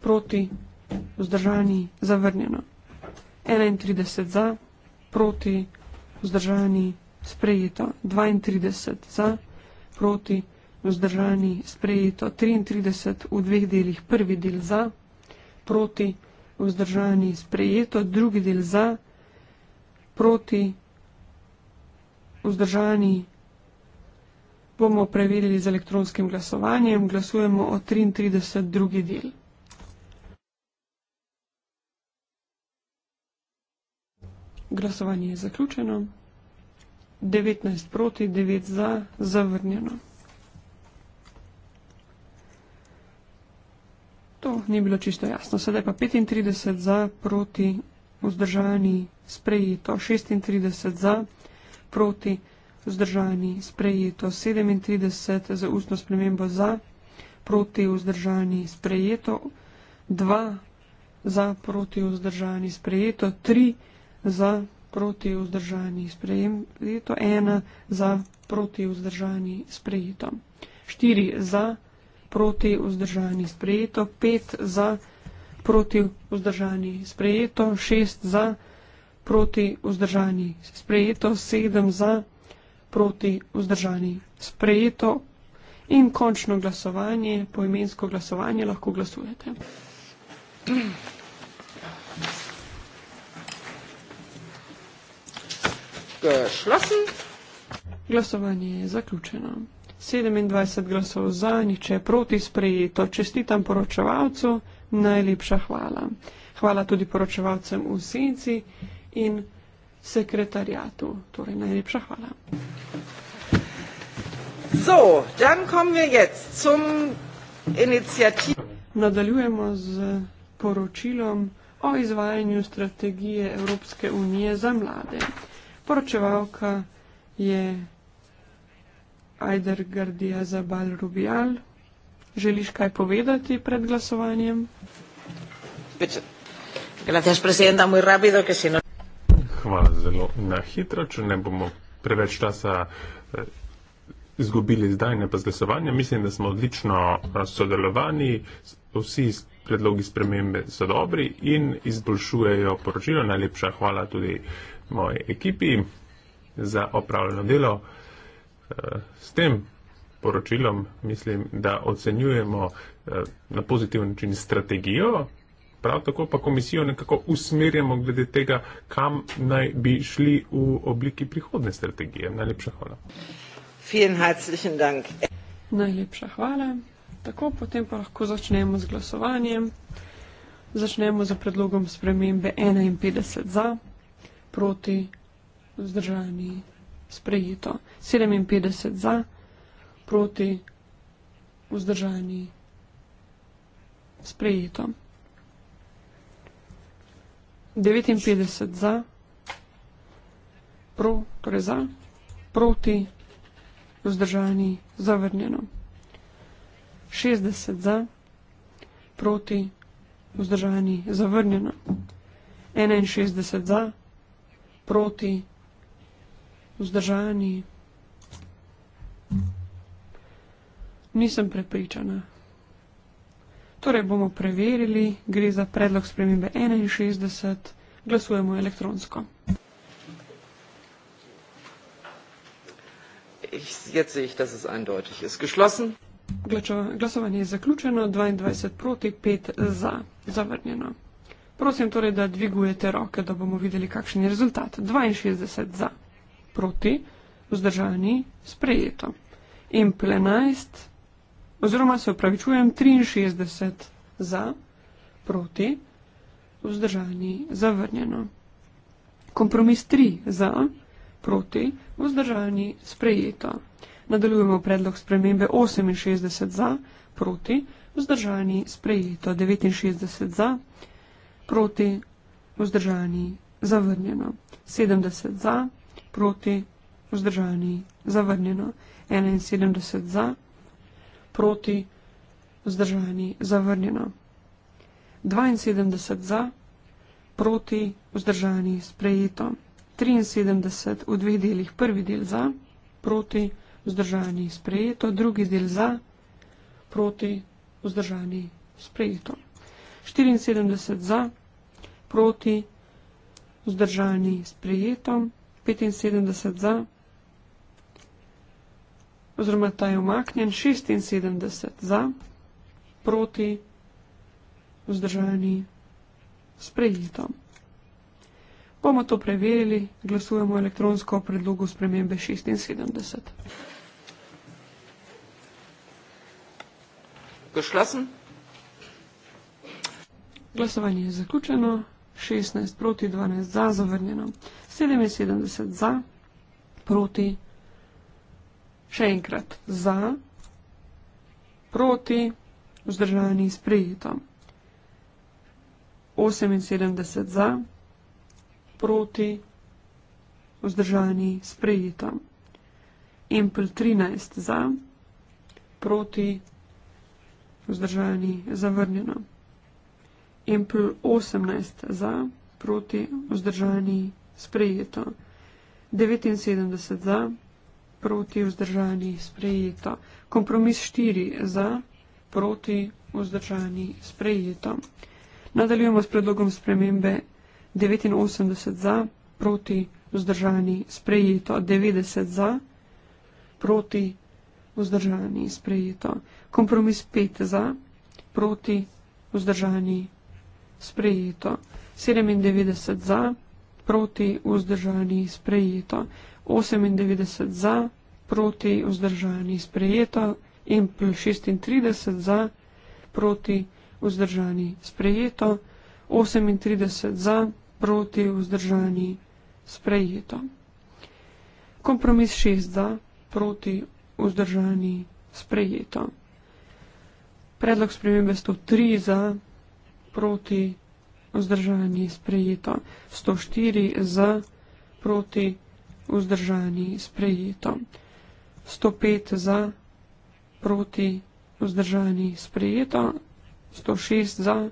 proti vzdržani zavrnjeno. 31 za, proti vzdržani sprejeto. 32 za, proti vzdržani sprejeto. 33 v dveh delih, prvi del za, proti vzdržani sprejeto, drugi del za, proti proti, vzdržani, bomo preverili z elektronskim glasovanjem, glasujemo o 33. drugi del. Glasovanje je zaključeno, 19 proti, 9 za, zavrnjeno. To ni bilo čisto jasno, sedaj pa 35 za, proti, vzdržani sprejeto 36 za, proti vzdržani sprejeto 37 za ustno spremembo za, proti vzdržani sprejeto 2 za, proti vzdržani sprejeto 3 za, proti vzdržani sprejeto 1 za, proti vzdržani sprejeto 4 za, proti vzdržani sprejeto 5 za, proti vzdržani sprejeto proti vzdržani, sprejeto šest za, proti vzdržani, sprejeto sedem za, proti vzdržani, sprejeto in končno glasovanje, poimensko glasovanje lahko glasujete. Glasen. Glasovanje je zaključeno. 27 glasov za, niče proti sprejeto. Čestitam poročevalcu. Najlepša hvala. Hvala tudi poročevalcem v senci in sekretarijatu. Torej, najlepša hvala. So, dan kommen wir jetzt zum Initiativ. Nadaljujemo z poročilom o izvajanju strategije Evropske unije za mlade. Poročevalka je Ajder Gardija Zabal Rubial. Želiš kaj povedati pred glasovanjem? No- hvala zelo na hitro, če ne bomo preveč časa eh, izgubili zdaj, ne pa z glasovanjem. Mislim, da smo odlično eh, sodelovani, vsi predlogi spremembe so dobri in izboljšujejo poročilo. Najlepša hvala tudi moji ekipi za opravljeno delo. Eh, s tem poročilom, mislim, da ocenjujemo eh, na pozitiven način strategijo, prav tako pa komisijo nekako usmerjamo glede tega, kam naj bi šli v obliki prihodne strategije. Najlepša hvala. Najlepša hvala. Tako potem pa lahko začnemo z glasovanjem. Začnemo za predlogom spremembe 51 za, proti, vzdržani, sprejeto. 57 za proti, vzdržani, sprejeto. 59 za, pro, torej za, proti, vzdržani, zavrnjeno. 60 za, proti, vzdržani, zavrnjeno. 61 za, proti, vzdržani, zavrnjeno. Nisem prepričana. Torej bomo preverili, gre za predlog spremembe 61, glasujemo elektronsko. Glasovanje je zaključeno, 22 proti, 5 za, zavrnjeno. Prosim torej, da dvigujete roke, da bomo videli, kakšen je rezultat. 62 za, proti, vzdržani, sprejeto. In 11 proti oziroma se upravičujem 63 za, proti, vzdržani, zavrnjeno. Kompromis 3 za, proti, vzdržani, sprejeto. Nadaljujemo predlog spremembe 68 za, proti, vzdržani, sprejeto. 69 za, proti, vzdržani, zavrnjeno. 70 za, proti, vzdržani, zavrnjeno. 71 za, proti, vzdržani, zavrnjeno proti, vzdržani, zavrnjeno. 72 za, proti, vzdržani, sprejeto. 73 v dveh delih, prvi del za, proti, vzdržani, sprejeto, drugi del za, proti, vzdržani, sprejeto. 74 za, proti, vzdržani, sprejeto, 75 za, proti, oziroma ta je omaknjen 76 za, proti, vzdržani, sprejeto. Bomo to preverili, glasujemo elektronsko o predlogu spremembe 76. Geschlossen. Glasovanje je zaključeno, 16 proti 12 za, zavrnjeno, 77 za, proti 12. Še enkrat za, proti, vzdržani, sprejeto. 78 za, proti, vzdržani, sprejeto. Empel 13 za, proti, vzdržani, zavrnjeno. Empel 18 za, proti, vzdržani, sprejeto. 79 za, proti, vzdržani, sprejeto proti vzdržani sprejeto. Kompromis štiri za proti vzdržani sprejeto. Nadaljujemo s predlogom spremembe 89 za proti vzdržani sprejeto. 90 za proti vzdržani sprejeto. Kompromis pet za proti vzdržani sprejeto. 97 za proti vzdržani sprejeto. 98 za, proti vzdržani sprejeto in 36 za, proti vzdržani sprejeto, 38 za, proti vzdržani sprejeto. Kompromis 6 za, proti vzdržani sprejeto. Predlog spremembe 103 za, proti vzdržani sprejeto, 104 za, proti vzdržani sprejeto vzdržani, sprejeto. 105 za, proti, vzdržani, sprejeto. 106 za,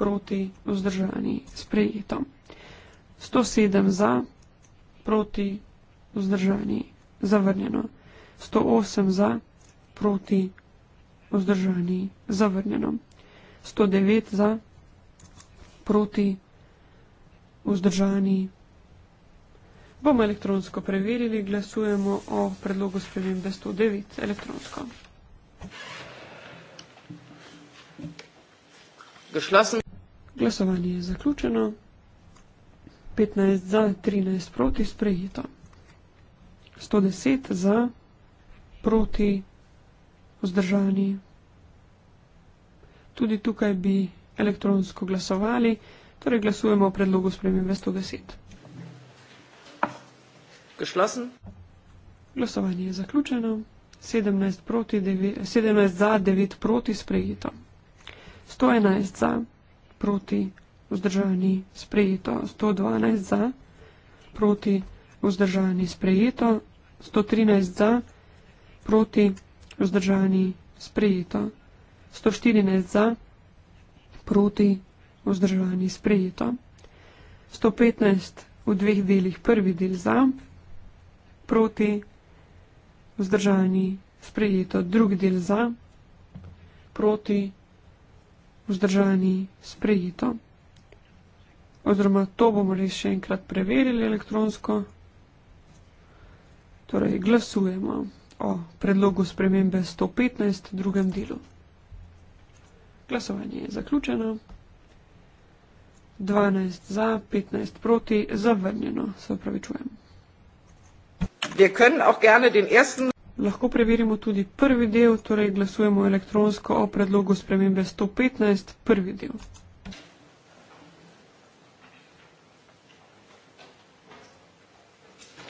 proti, vzdržani, sprejeto. 107 za, proti, vzdržani, zavrnjeno. 108 za, proti, vzdržani, zavrnjeno. 109 za, proti, vzdržani, zavrnjeno. Bomo elektronsko preverili, glasujemo o predlogu spremembe 109 elektronsko. Glasovanje je zaključeno. 15 za, 13 proti, sprejeto. 110 za, proti, vzdržani. Tudi tukaj bi elektronsko glasovali, torej glasujemo o predlogu spremembe 110 geschlossen. Glasovanje je zaključeno. 17, proti 9, 17 za, 9 proti sprejeto. 111 za, proti vzdržani sprejeto. 112 za, proti vzdržani sprejeto. 113 za, proti vzdržani sprejeto. 114 za, proti vzdržani sprejeto. 115 v dveh delih prvi del za proti, vzdržani, sprejeto, drugi del za, proti, vzdržani, sprejeto. Oziroma, to bomo res še enkrat preverili elektronsko. Torej, glasujemo o predlogu spremembe 115 v drugem delu. Glasovanje je zaključeno. 12 za, 15 proti, zavrnjeno, se opravičujemo. Lahko preverimo tudi prvi del, torej glasujemo elektronsko o predlogu spremembe 115, prvi del.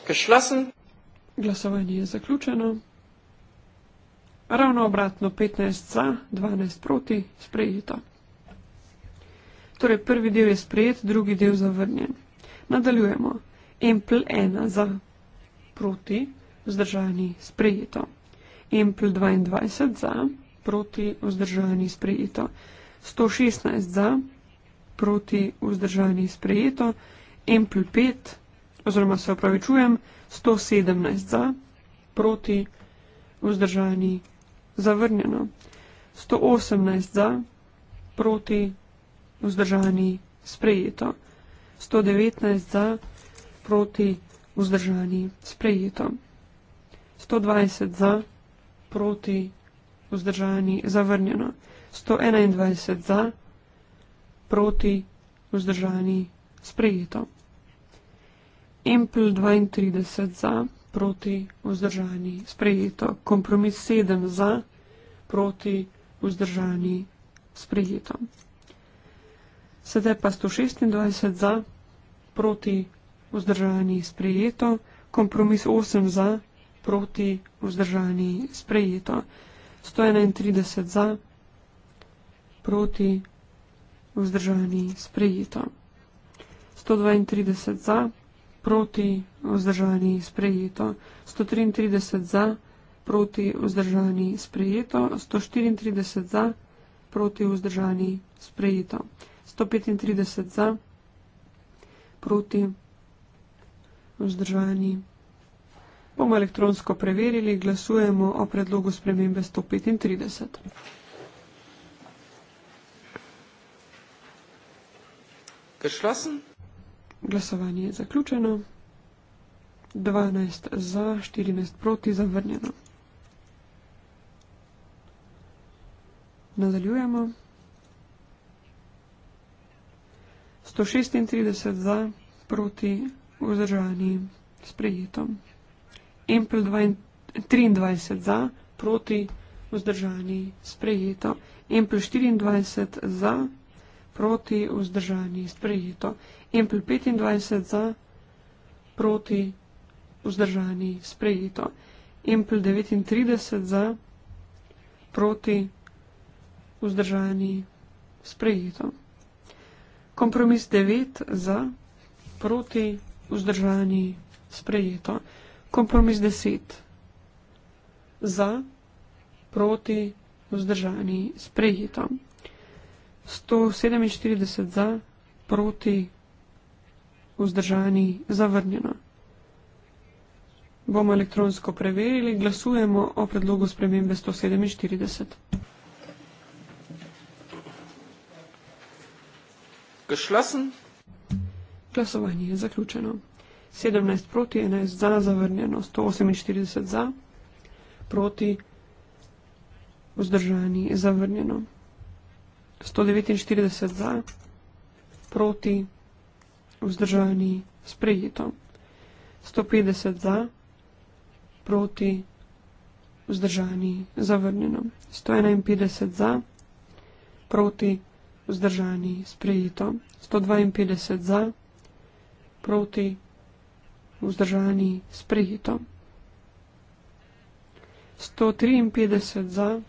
Geschlossen. Glasovanje je zaključeno. Ravno obratno, 15 za, 12 proti, sprejeto. Torej, prvi del je sprejet, drugi del zavrnjen. Nadaljujemo. Empl 1 za proti, vzdržani, sprejeto. Empl 22 za, proti, vzdržani, sprejeto. 116 za, proti, vzdržani, sprejeto. Empl 5, oziroma se opravičujem, 117 za, proti, vzdržani, zavrnjeno. 118 za, proti, vzdržani, sprejeto. 119 za, proti, vzdržani, sprejeto. 120 za, proti, vzdržani, zavrnjeno. 121 za, proti, vzdržani, sprejeto. Empl 32 za, proti, vzdržani, sprejeto. Kompromis 7 za, proti, vzdržani, sprejeto. Sedaj pa 126 za, proti, vzdržani, sprejeto vzdržani sprejeto, kompromis 8 za, proti vzdržani sprejeto, 131 za, proti vzdržani sprejeto, 132 za, proti vzdržani sprejeto, 133 za, proti vzdržani sprejeto, 134 za, proti vzdržani sprejeto, 135 za, proti vzdržani sprejeto vzdržani. Bomo elektronsko preverili, glasujemo o predlogu spremembe 135. Geschlossen. Glasovanje je zaključeno. 12 za, 14 proti, zavrnjeno. Nadaljujemo. 136 za, proti, vzdržani, sprejeto. Empel 23 za, proti, vzdržani, sprejeto. Empel 24 za, proti, vzdržani, sprejeto. Empel 25 za, proti, vzdržani, sprejeto. Empel 39 za, proti, vzdržani, sprejeto. Kompromis 9 za, proti, vzdržani, sprejeto vzdržani, sprejeto. Kompromis deset. Za, proti, vzdržani, sprejeto. 147 za, proti, vzdržani, zavrnjeno. Bomo elektronsko preverili, glasujemo o predlogu spremembe 147. Geschlossen. Glasovanje je zaključeno. 17 proti, 11 za, zavrnjeno, 148 za, proti, vzdržani, zavrnjeno, 149 za, proti, vzdržani, sprejeto, 150 za, proti, vzdržani, zavrnjeno, 151 za, proti, vzdržani, sprejeto, 152 za, proti, vzdržani, sprejeto, 152 za, proti vzdržani sprejeto. 153 za,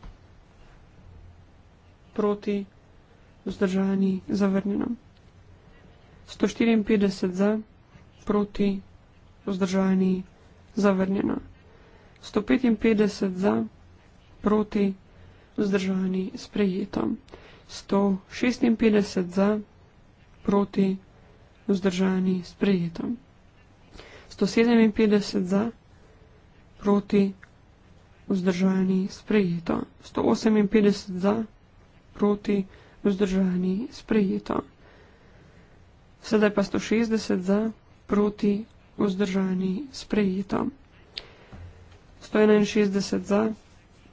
proti vzdržani zavrnjeno. 154 za, proti vzdržani zavrnjeno. 155 za, proti vzdržani sprejeto. 156 za, proti vzdržani vzdržani, sprejeto. 157 za, proti, vzdržani, sprejeto. 158 za, proti, vzdržani, sprejeto. Sedaj pa 160 za, proti, vzdržani, sprejeto. 161 za,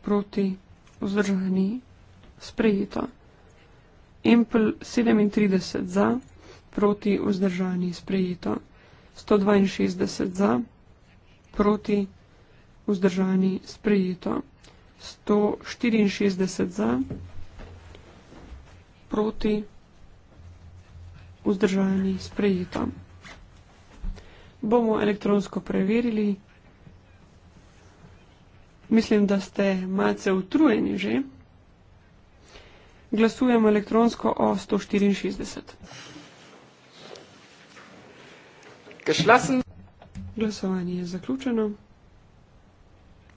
proti, vzdržani, sprejeto. Empl 37 za, proti, vzdržani, sprejeto proti vzdržani sprejeto. 162 za, proti vzdržani sprejeto. 164 za, proti vzdržani sprejeto. Bomo elektronsko preverili. Mislim, da ste malce utrujeni že. Glasujemo elektronsko o 164 geschlossen. Glasovanje je zaključeno.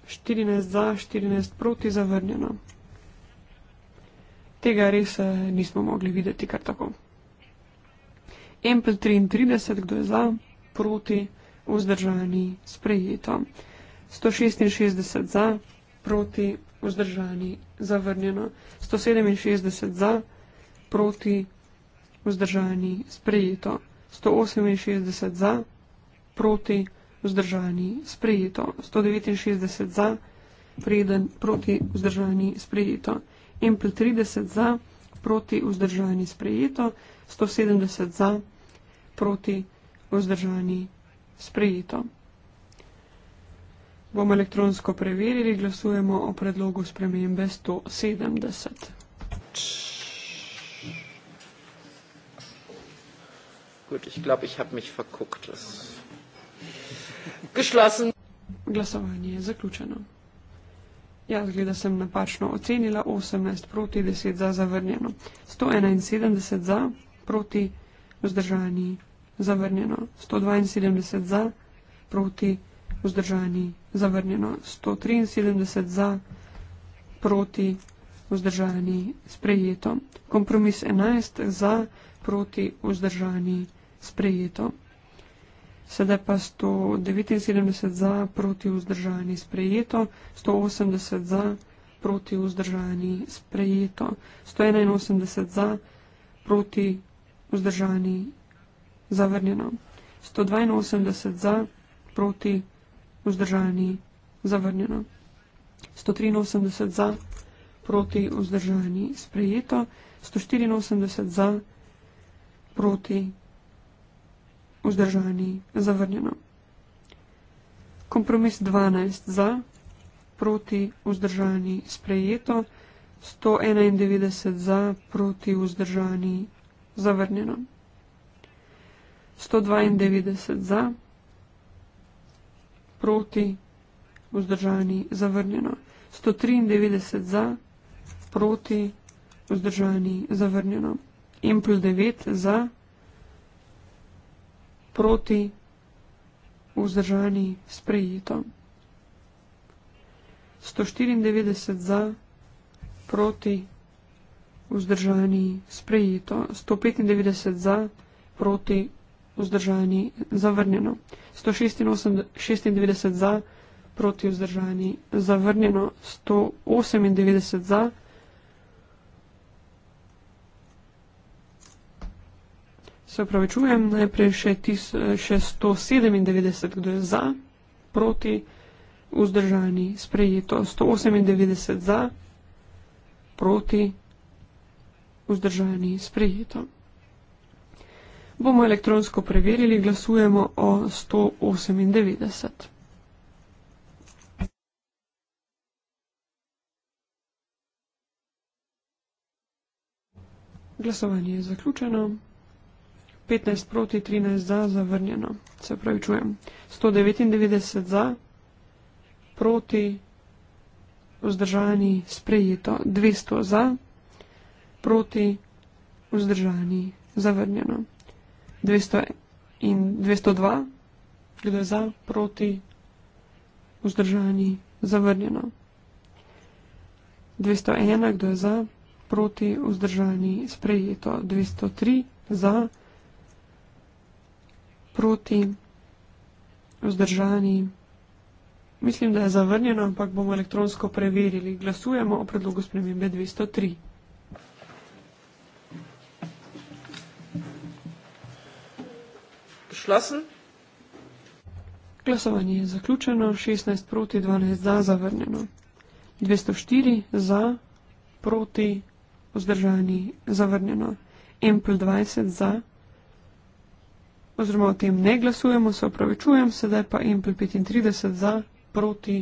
14 za, 14 proti zavrnjeno. Tega res eh, nismo mogli videti kar tako. Empel 33, kdo je za, proti, vzdržani, sprejeto. 166 za, proti, vzdržani, zavrnjeno. 167 za, proti, vzdržani, sprejeto. 168 za, proti, vzdržani, sprejeto, 169 za, preden, proti, vzdržani, sprejeto, in pri 30 za, proti, vzdržani, sprejeto, 170 za, proti, vzdržani, sprejeto. Bomo elektronsko preverili, glasujemo o predlogu spremembe 170. Č. Gut, ich glaube, ich habe mich verguckt. Das geschlossen. Glasovanje je zaključeno. Jaz gleda sem napačno ocenila 18 proti 10 za zavrnjeno. 171 za proti vzdržani zavrnjeno. 172 za proti vzdržani zavrnjeno. 173 za proti vzdržani sprejeto. Kompromis 11 za proti vzdržani sprejeto sprejeto. Sedaj pa 179 za, proti vzdržani sprejeto, 180 za, proti vzdržani sprejeto, 181 za, proti vzdržani zavrnjeno, 182 za, proti vzdržani zavrnjeno, 183 za, proti vzdržani sprejeto, 184 za, proti vzdržani vzdržani, zavrnjeno. Kompromis 12 za, proti vzdržani, sprejeto, 191 za, proti vzdržani, zavrnjeno. 192 za, proti vzdržani, zavrnjeno. 193 za, proti vzdržani, zavrnjeno. Impl 9 za, proti vzdržani, zavrnjeno proti, vzdržani, sprejito. 194 za, proti, vzdržani, sprejito. 195 za, proti, vzdržani, zavrnjeno. 196 za, proti, vzdržani, zavrnjeno. 198 za, Se upravičujem, najprej še, tis, še 197, kdo je za, proti, vzdržani, sprejeto. 198 za, proti, vzdržani, sprejeto. Bomo elektronsko preverili, glasujemo o 198. Glasovanje je zaključeno. 15 proti 13 za, zavrnjeno. Se pravi, čujem. 199 za, proti, vzdržani, sprejeto. 200 za, proti, vzdržani, zavrnjeno. 200 in 202, kdo je za, proti, vzdržani, zavrnjeno. 201, kdo je za, proti, vzdržani, sprejeto. 203 za, proti, vzdržani, zavrnjeno proti, vzdržani. Mislim, da je zavrnjeno, ampak bomo elektronsko preverili. Glasujemo o predlogu spremembe 203. Glasen. Glasovanje je zaključeno, 16 proti, 12 za, zavrnjeno. 204 za, proti, vzdržani, zavrnjeno. Empl 20 za oziroma o tem ne glasujemo, se opravičujem, sedaj pa impl 35 za, proti,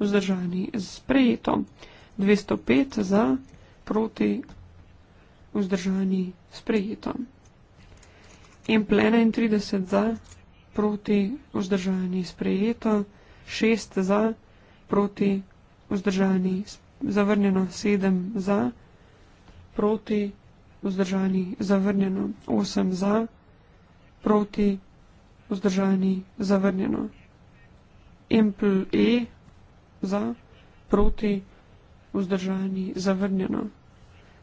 vzdržani sprejeto, 205 za, proti, vzdržani sprejeto, impl 31 za, proti, vzdržani sprejeto, 6 za, proti, vzdržani zavrnjeno, 7 za, proti, vzdržani zavrnjeno, 8 za, proti, vzdržani, zavrnjeno. Empl E, za, proti, vzdržani, zavrnjeno.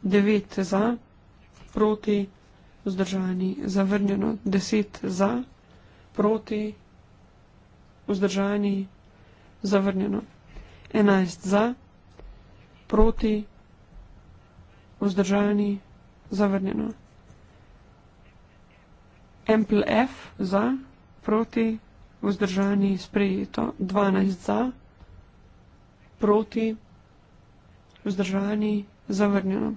9 za, proti, vzdržani, zavrnjeno. 10 za, proti, vzdržani, zavrnjeno. 11 za, proti, vzdržani, zavrnjeno. Ample F za, proti, vzdržani sprejeto, 12 za, proti, vzdržani zavrnjeno.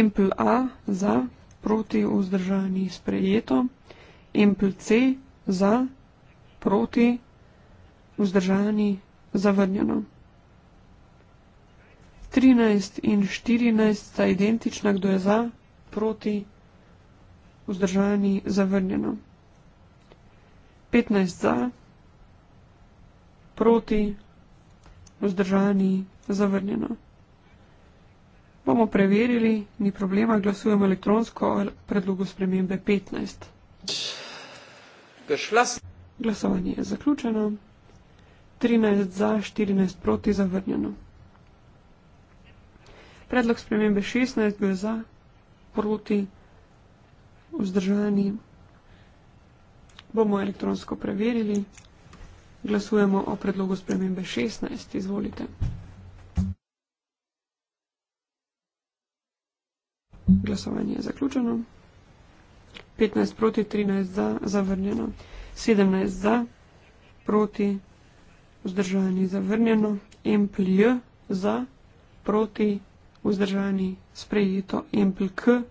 Ample A za, proti, vzdržani sprejeto, Ample C za, proti, vzdržani zavrnjeno. 13 in 14 sta identična, kdo je za, proti, vzdržani vzdržani zavrnjeno. 15 za, proti, vzdržani zavrnjeno. Bomo preverili, ni problema, glasujemo elektronsko predlogu spremembe 15. Glasovanje je zaključeno. 13 za, 14 proti, zavrnjeno. Predlog spremembe 16 bil za, proti, zavrnjeno vzdržani. Bomo elektronsko preverili. Glasujemo o predlogu spremembe 16. Izvolite. Glasovanje je zaključeno. 15 proti, 13 za, zavrnjeno. 17 za, proti, vzdržani, zavrnjeno. Empl J za, proti, vzdržani, sprejeto. Empl K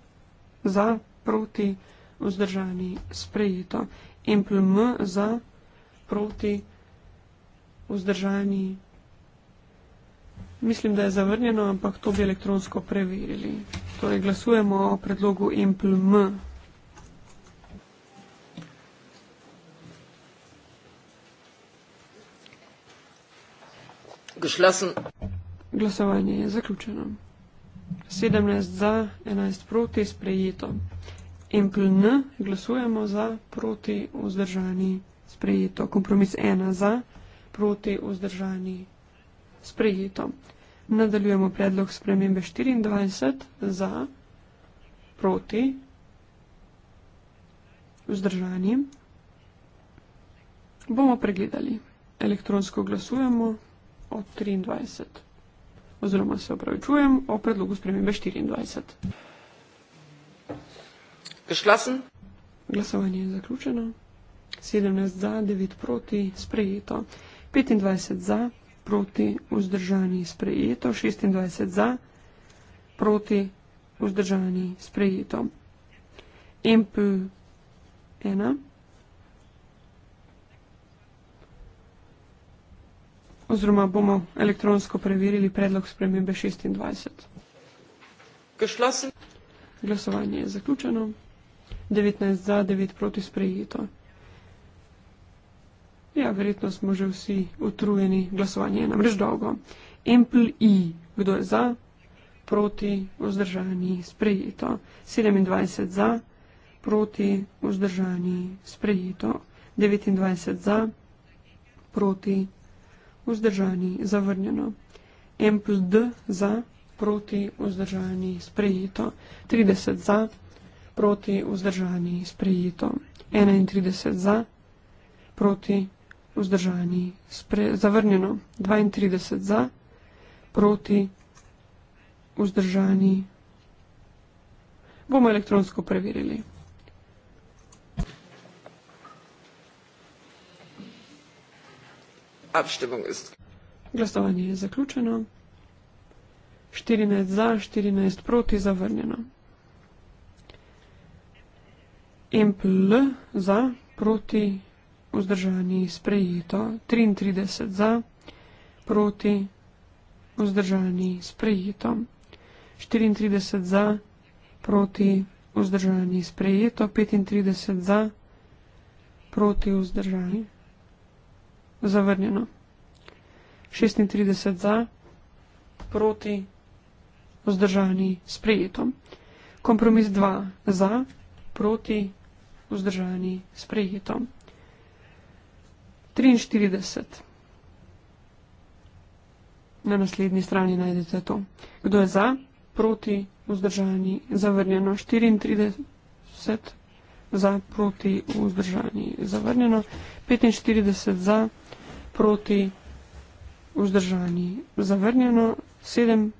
za, proti, vzdržani, sprejeto. Empl M za, proti, vzdržani, mislim, da je zavrnjeno, ampak to bi elektronsko preverili. Torej, glasujemo o predlogu Empl M. Geschlossen. Glasovanje je zaključeno. 17 za, 11 proti, sprejeto in pln glasujemo za, proti vzdržani sprejeto. Kompromis ena za, proti vzdržani sprejeto. Nadaljujemo predlog spremembe 24 za, proti vzdržani. Bomo pregledali. Elektronsko glasujemo od 23 oziroma se opravičujem o predlogu spremembe 24 geschlossen. Glasovanje je zaključeno. 17 za, 9 proti, sprejeto. 25 za, proti, vzdržani, sprejeto. 26 za, proti, vzdržani, sprejeto. MP1. Oziroma bomo elektronsko preverili predlog spremembe 26. Glasovanje je zaključeno. 19 za, 9 proti sprejeto. Ja, verjetno smo že vsi utrujeni, glasovanje je namreč dolgo. Empl i, kdo je za, proti, vzdržani, sprejeto. 27 za, proti, vzdržani, sprejeto. 29 za, proti, vzdržani, zavrnjeno. Empl d, za, proti, vzdržani, sprejeto. 30 za, proti, vzdržani, sprejeto proti, vzdržani, sprejeto. 31 za, proti, vzdržani, spre, zavrnjeno. 32 za, proti, vzdržani. Bomo elektronsko preverili. Glasovanje je zaključeno. 14 za, 14 proti, zavrnjeno. MPL za, proti, vzdržani, sprejeto, 33 za, proti, vzdržani, sprejeto, 34 za, proti, vzdržani, sprejeto, 35 za, proti, vzdržani, zavrnjeno, 36 za, proti, vzdržani, sprejeto, kompromis 2 za, proti, vzdržani, sprejeto, vzdržani sprejeto. 43. Na naslednji strani najdete to. Kdo je za, proti, vzdržani, zavrnjeno. 34 za, proti, vzdržani, zavrnjeno. 45 za, proti, vzdržani, zavrnjeno. 7 proti.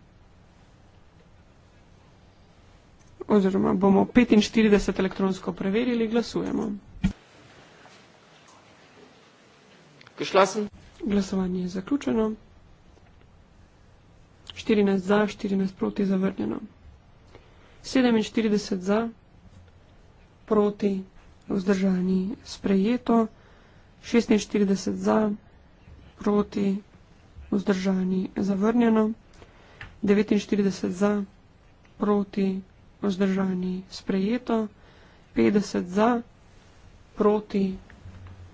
oziroma bomo 45 elektronsko preverili, glasujemo. Geschlossen. Glasovanje je zaključeno. 14 za, 14 proti zavrnjeno. 47 za, proti vzdržani sprejeto. 46 za, proti vzdržani zavrnjeno. 49 za, proti vzdržani vzdržani. Sprejeto, 50 za, proti,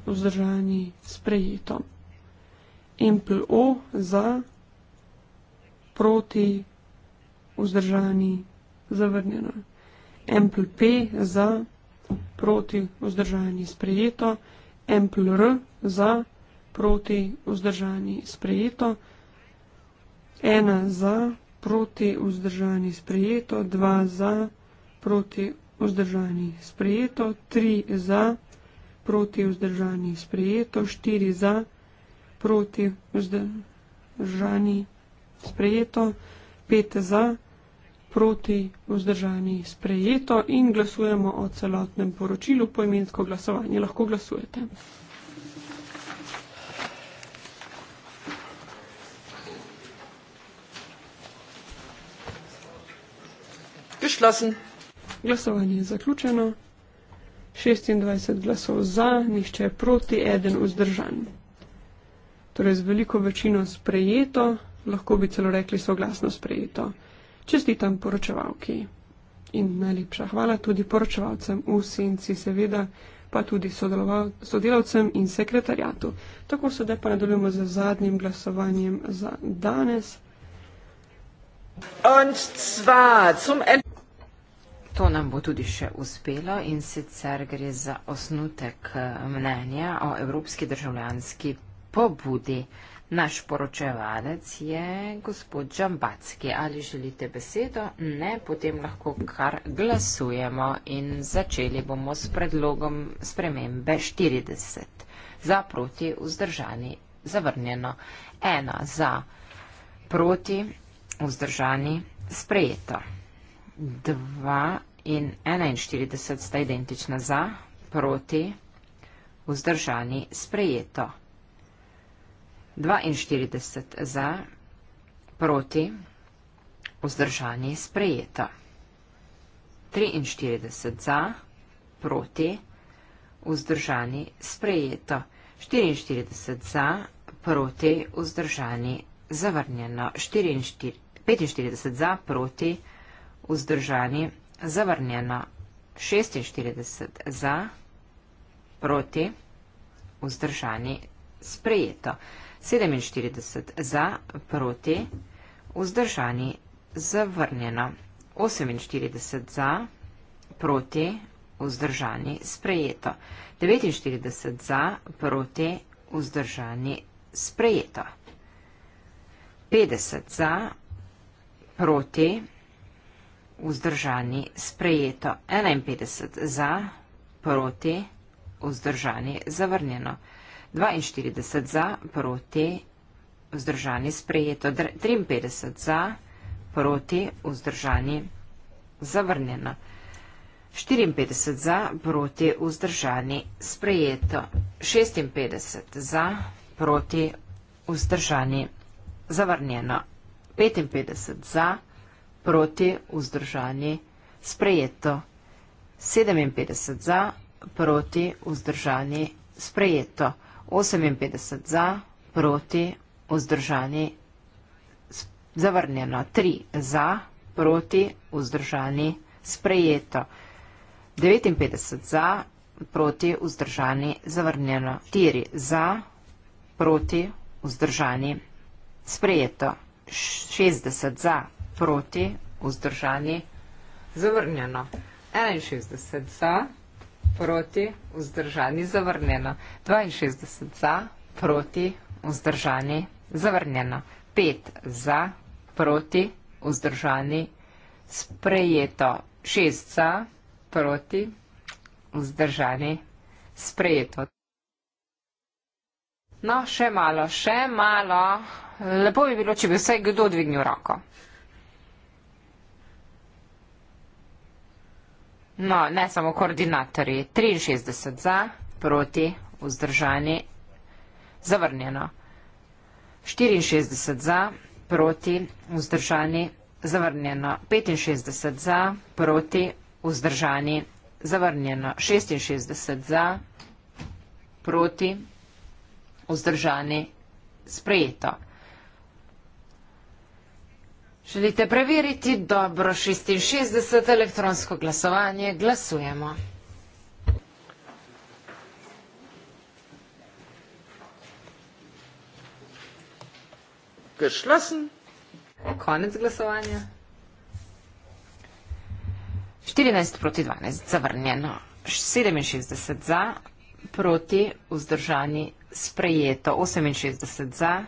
vzdržani, sprejeto. MPO za, proti, vzdržani, zavrnjeno. MPP za, proti, vzdržani, sprejeto. MPR za, proti, vzdržani, sprejeto. 1 za, proti, proti vzdržani sprejeto, 2 za, proti vzdržani sprejeto, 3 za, proti vzdržani sprejeto, 4 za, proti vzdržani sprejeto, 5 za, proti vzdržani sprejeto in glasujemo o celotnem poročilu poimensko glasovanje. Lahko glasujete. geschlossen. Glasovanje je zaključeno. 26 glasov za, nihče proti, eden vzdržan. Torej z veliko večino sprejeto, lahko bi celo rekli soglasno sprejeto. Čestitam poročevalki in najlepša hvala tudi poročevalcem v senci, seveda pa tudi sodelavcem in sekretarjatu. Tako sedaj pa nadaljujemo z zadnjim glasovanjem za danes. Und zwar zum To nam bo tudi še uspelo in sicer gre za osnutek eh, mnenja o evropski državljanski pobudi. Naš poročevalec je gospod Džambacki. Ali želite besedo? Ne, potem lahko kar glasujemo in začeli bomo s predlogom spremembe 40. Za proti vzdržani zavrnjeno. Ena za proti vzdržani sprejeto. 2 in 41 sta identična za, proti, vzdržani, sprejeto. 42 za, proti, vzdržani, sprejeto. 43 za, proti, vzdržani, sprejeto. 44 za, proti, vzdržani, zavrnjeno. 45 za, proti, vzdržani vzdržani, zavrnjeno 46 za, proti, vzdržani, sprejeto 47 za, proti, vzdržani, zavrnjeno 48 za, proti, vzdržani, sprejeto 49 za, proti, vzdržani, sprejeto 50 za, proti, vzdržani, sprejeto vzdržani sprejeto, 51 za, proti, vzdržani zavrnjeno, 42 za, proti, vzdržani sprejeto, 53 za, proti, vzdržani zavrnjeno, 54 za, proti, vzdržani sprejeto, 56 za, proti, vzdržani zavrnjeno, 55 za, proti, vzdržani zavrnjeno, 55 za, proti vzdržani sprejeto. 57 za, proti vzdržani sprejeto. 58 za, proti vzdržani zavrnjeno. 3 za, proti vzdržani sprejeto. 59 za, proti vzdržani zavrnjeno. 4 za, proti vzdržani sprejeto. 60 za, proti, vzdržani, zavrnjeno. 61 za, proti, vzdržani, zavrnjeno. 62 za, proti, vzdržani, zavrnjeno. 5 za, proti, vzdržani, sprejeto. 6 za, proti, vzdržani, sprejeto. No, še malo, še malo. Lepo bi bilo, če bi vsaj kdo dvignil roko. No, ne samo koordinatorji. 63 za, proti, vzdržani, zavrnjeno. 64 za, proti, vzdržani, zavrnjeno. 65 za, proti, vzdržani, zavrnjeno. 66 za, proti, vzdržani, sprejeto. Želite preveriti dobro 66 elektronsko glasovanje? Glasujemo. Geschlossen. Konec glasovanja. 14 proti 12 zavrnjeno, 67 za, proti vzdržani sprejeto, 68 za,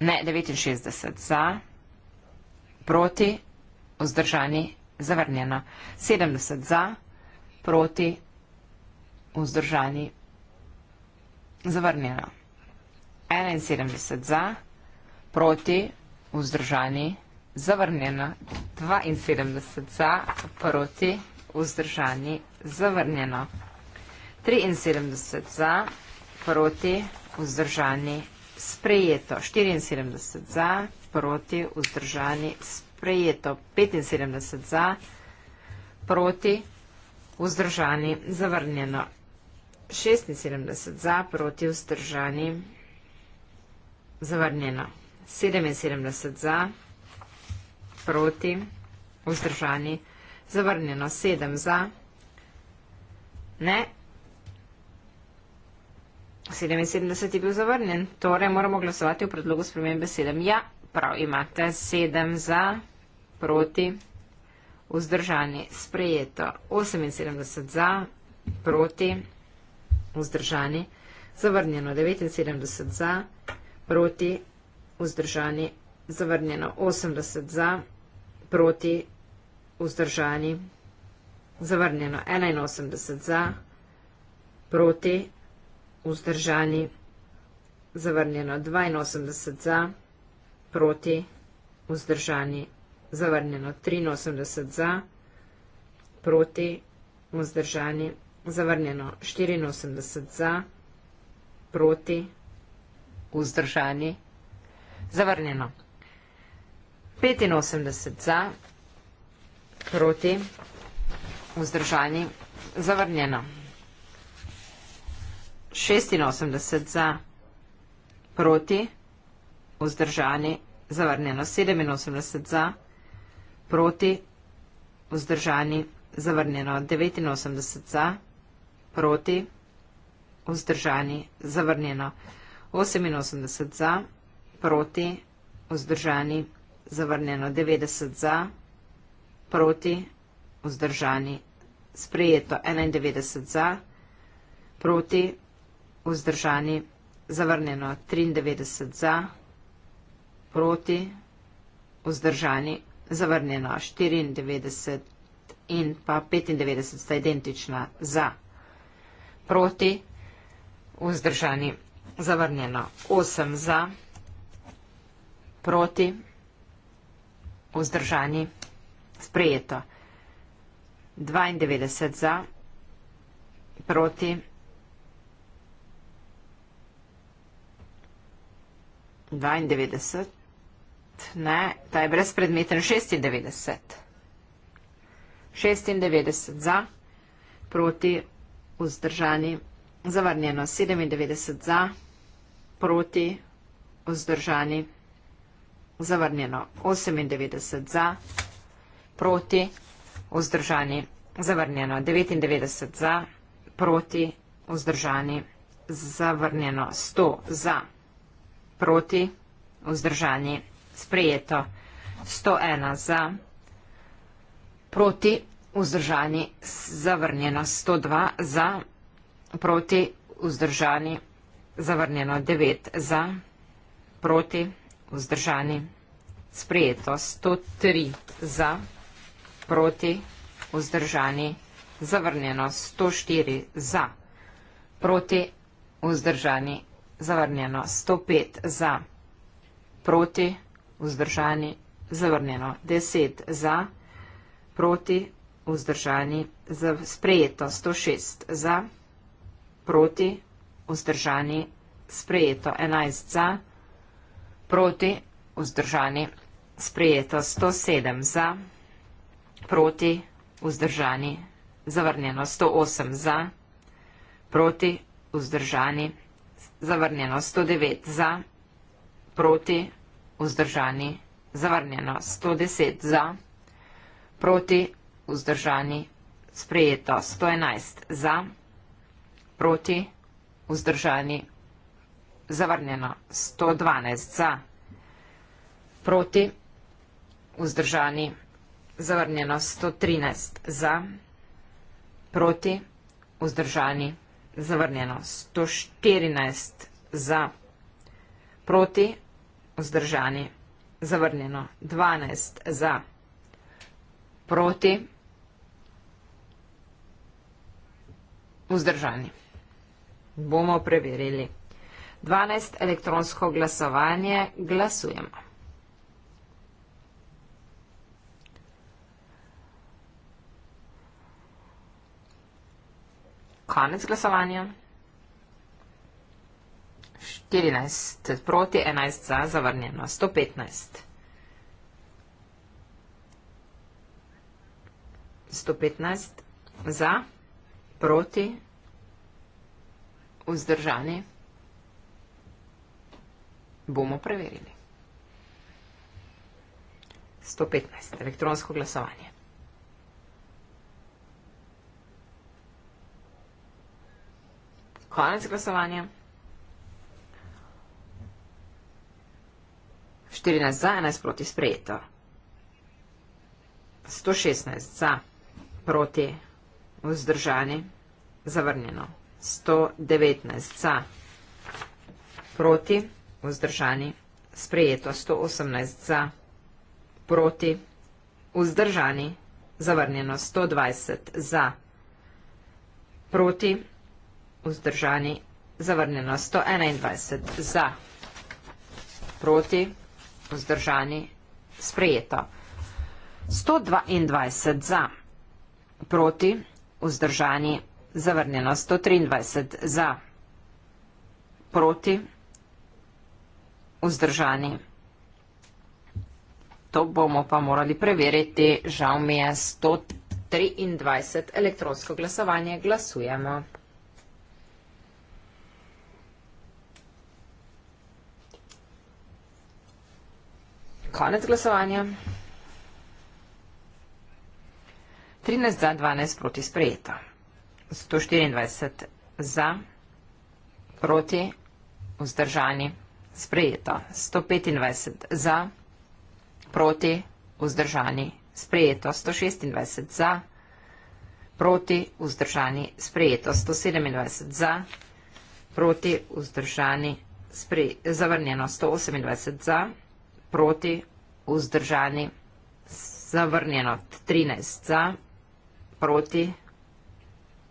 ne, 69 za proti, vzdržani, zavrnjeno. 70 za, proti, vzdržani, zavrnjeno. 71 za, proti, vzdržani, zavrnjeno. 72 za, proti, vzdržani, zavrnjeno. 73 za, proti, vzdržani, sprejeto. 74 za, proti, vzdržani, zavrnjeno proti, vzdržani, sprejeto 75 za, proti, vzdržani, zavrnjeno 76 za, proti, vzdržani, zavrnjeno 77 za, proti, vzdržani, zavrnjeno 7 za, ne, 77 je bil zavrnjen, torej moramo glasovati v predlogu spremembe 7 ja. Prav imate sedem za, proti, vzdržani, sprejeto. 78 za, proti, vzdržani, zavrnjeno. 79 za, proti, vzdržani, zavrnjeno. 80 za, proti, vzdržani, zavrnjeno. 81 za, proti, vzdržani, zavrnjeno. 82 za, proti, vzdržani proti, vzdržani, zavrnjeno 83 za, proti, vzdržani, zavrnjeno 84 za, proti, vzdržani, zavrnjeno 85 za, proti, vzdržani, zavrnjeno 86 za, proti, vzdržani, vzdržani, zavrnjeno 87 za, proti, vzdržani, zavrnjeno 89 za, proti, vzdržani, zavrnjeno 88 za, proti, vzdržani, zavrnjeno 90 za, proti, vzdržani, sprejeto 91 za, proti, vzdržani, zavrnjeno 93 za, proti, vzdržani, zavrnjeno 93 za, proti, vzdržani, zavrnjeno 94 in pa 95 sta identična za, proti, vzdržani, zavrnjeno 8 za, proti, vzdržani, sprejeto 92 za, proti, Dvaindevetdeset ne, ta je brezpredmeten 96. 96 za, proti, vzdržani, zavrnjeno 97 za, proti, vzdržani, zavrnjeno 98 za, proti, vzdržani, zavrnjeno 99 za, proti, vzdržani, zavrnjeno 100 za, proti, vzdržani, zavrnjeno 100 za, sprejeto. 101 za, proti, vzdržani, zavrnjeno. 102 za, proti, vzdržani, zavrnjeno. 9 za, proti, vzdržani, sprejeto. 103 za, proti, vzdržani, zavrnjeno. 104 za, proti, vzdržani, zavrnjeno. 105 za, proti, vzdržani, zavrnjeno vzdržani, zavrnjeno 10 za, proti, vzdržani, za sprejeto 106 za, proti, vzdržani, sprejeto 11 za, proti, vzdržani, sprejeto 107 za, proti, vzdržani, zavrnjeno 108 za, proti, vzdržani, zavrnjeno 109 za, proti, vzdržani, vzdržani, zavrnjeno 110 za, proti, vzdržani, sprejeto 111 za, proti, vzdržani, zavrnjeno 112 za, proti, vzdržani, zavrnjeno 113 za, proti, vzdržani, zavrnjeno 114 za, proti, vzdržani, zavrnjeno 114 za, proti, vzdržani. Zavrnjeno. 12 za. Proti. Vzdržani. Bomo preverili. 12 elektronsko glasovanje. Glasujemo. Konec glasovanja. 14 proti, 11 za, zavrnjeno, 115. 115 za, proti, vzdržani, bomo preverili. 115, elektronsko glasovanje. Konec glasovanja. 14 za, 11 proti sprejeto. 116 za, proti vzdržani, zavrnjeno. 119 za, proti vzdržani, sprejeto. 118 za, proti vzdržani, zavrnjeno. 120 za, proti vzdržani, zavrnjeno. 121 za, proti vzdržani vzdržani, sprejeto. 122 za, proti, vzdržani, zavrnjeno. 123 za, proti, vzdržani. To bomo pa morali preveriti. Žal mi je 123 elektronsko glasovanje. Glasujemo. konec glasovanja. 13 za, 12 proti sprejeto. 124 za, proti, vzdržani, sprejeto. 125 za, proti, vzdržani, sprejeto. 126 za, proti, vzdržani, sprejeto. 127 za, proti, vzdržani, sprejeto. Zavrnjeno 128 za, proti, vzdržani, sprejeto proti, vzdržani, zavrnjeno, 13 za, proti,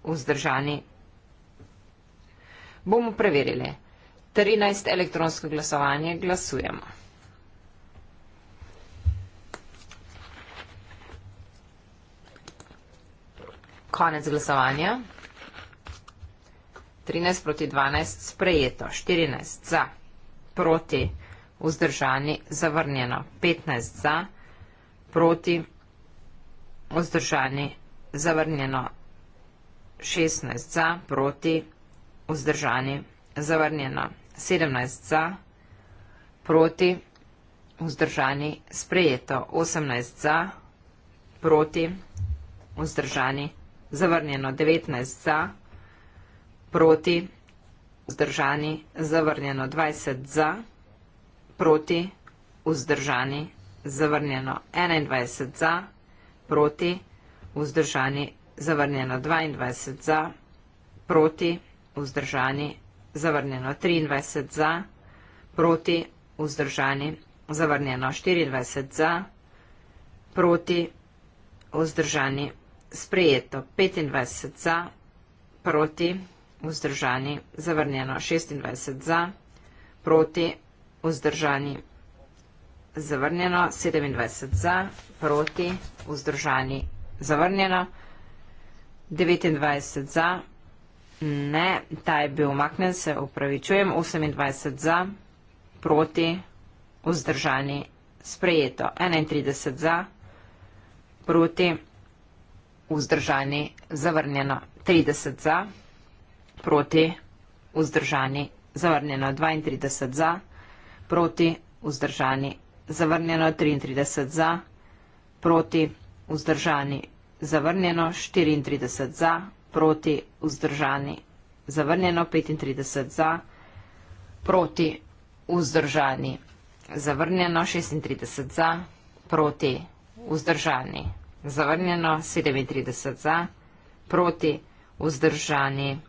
vzdržani. Bomo preverili. 13 elektronsko glasovanje glasujemo. Konec glasovanja. 13 proti 12 sprejeto. 14 za, proti, vzdržani vzdržani, zavrnjeno 15 za, proti, vzdržani, zavrnjeno 16 za, proti, vzdržani, zavrnjeno 17 za, proti, vzdržani, sprejeto 18 za, proti, vzdržani, zavrnjeno 19 za, proti, vzdržani, zavrnjeno 20 za, proti, vzdržani, zavrnjeno 20 za, proti, vzdržani, zavrnjeno 21 za, proti, vzdržani, zavrnjeno 22 za, proti, vzdržani, zavrnjeno 23 za, proti, vzdržani, zavrnjeno 24 za, proti, vzdržani, sprejeto 25 za, proti, vzdržani, zavrnjeno 26 za, proti, vzdržani. Zavrnjeno, 27 za, proti, vzdržani. Zavrnjeno, 29 za, ne, ta je bil umaknen, se upravičujem, 28 za, proti, vzdržani, sprejeto, 31 za, proti, vzdržani, zavrnjeno, 30 za, proti, vzdržani, zavrnjeno, 32 za, proti, vzdržani, zavrnjeno, 32 za, proti, vzdržani, zavrnjeno 33 za, proti, vzdržani, zavrnjeno 34 za, proti, vzdržani, zavrnjeno 35 za, proti, vzdržani, zavrnjeno 36 za, proti, vzdržani, zavrnjeno 37 za, proti, vzdržani,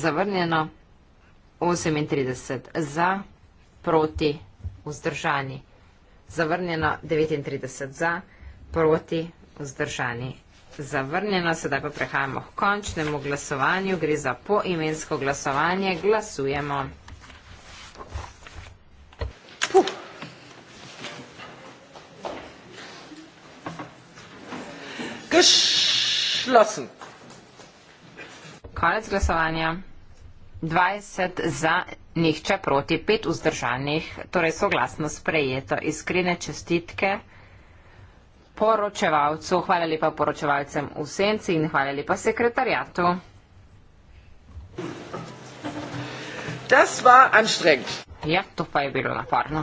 zavrnjeno 38 za, proti, vzdržani, proti vzdržani. Zavrnjeno 39 za, proti vzdržani. Zavrnjeno, sedaj pa prehajamo k končnemu glasovanju, gre za poimensko glasovanje, glasujemo. Puh. Kaj šlo sem? Konec glasovanja. 20 za, nihče proti, 5 vzdržanih, torej soglasno sprejeto. Iskrene čestitke poročevalcu, hvala lepa poročevalcem v senci in hvala lepa sekretarjatu. Das war anstrengend. Ja, to pa je bilo naporno.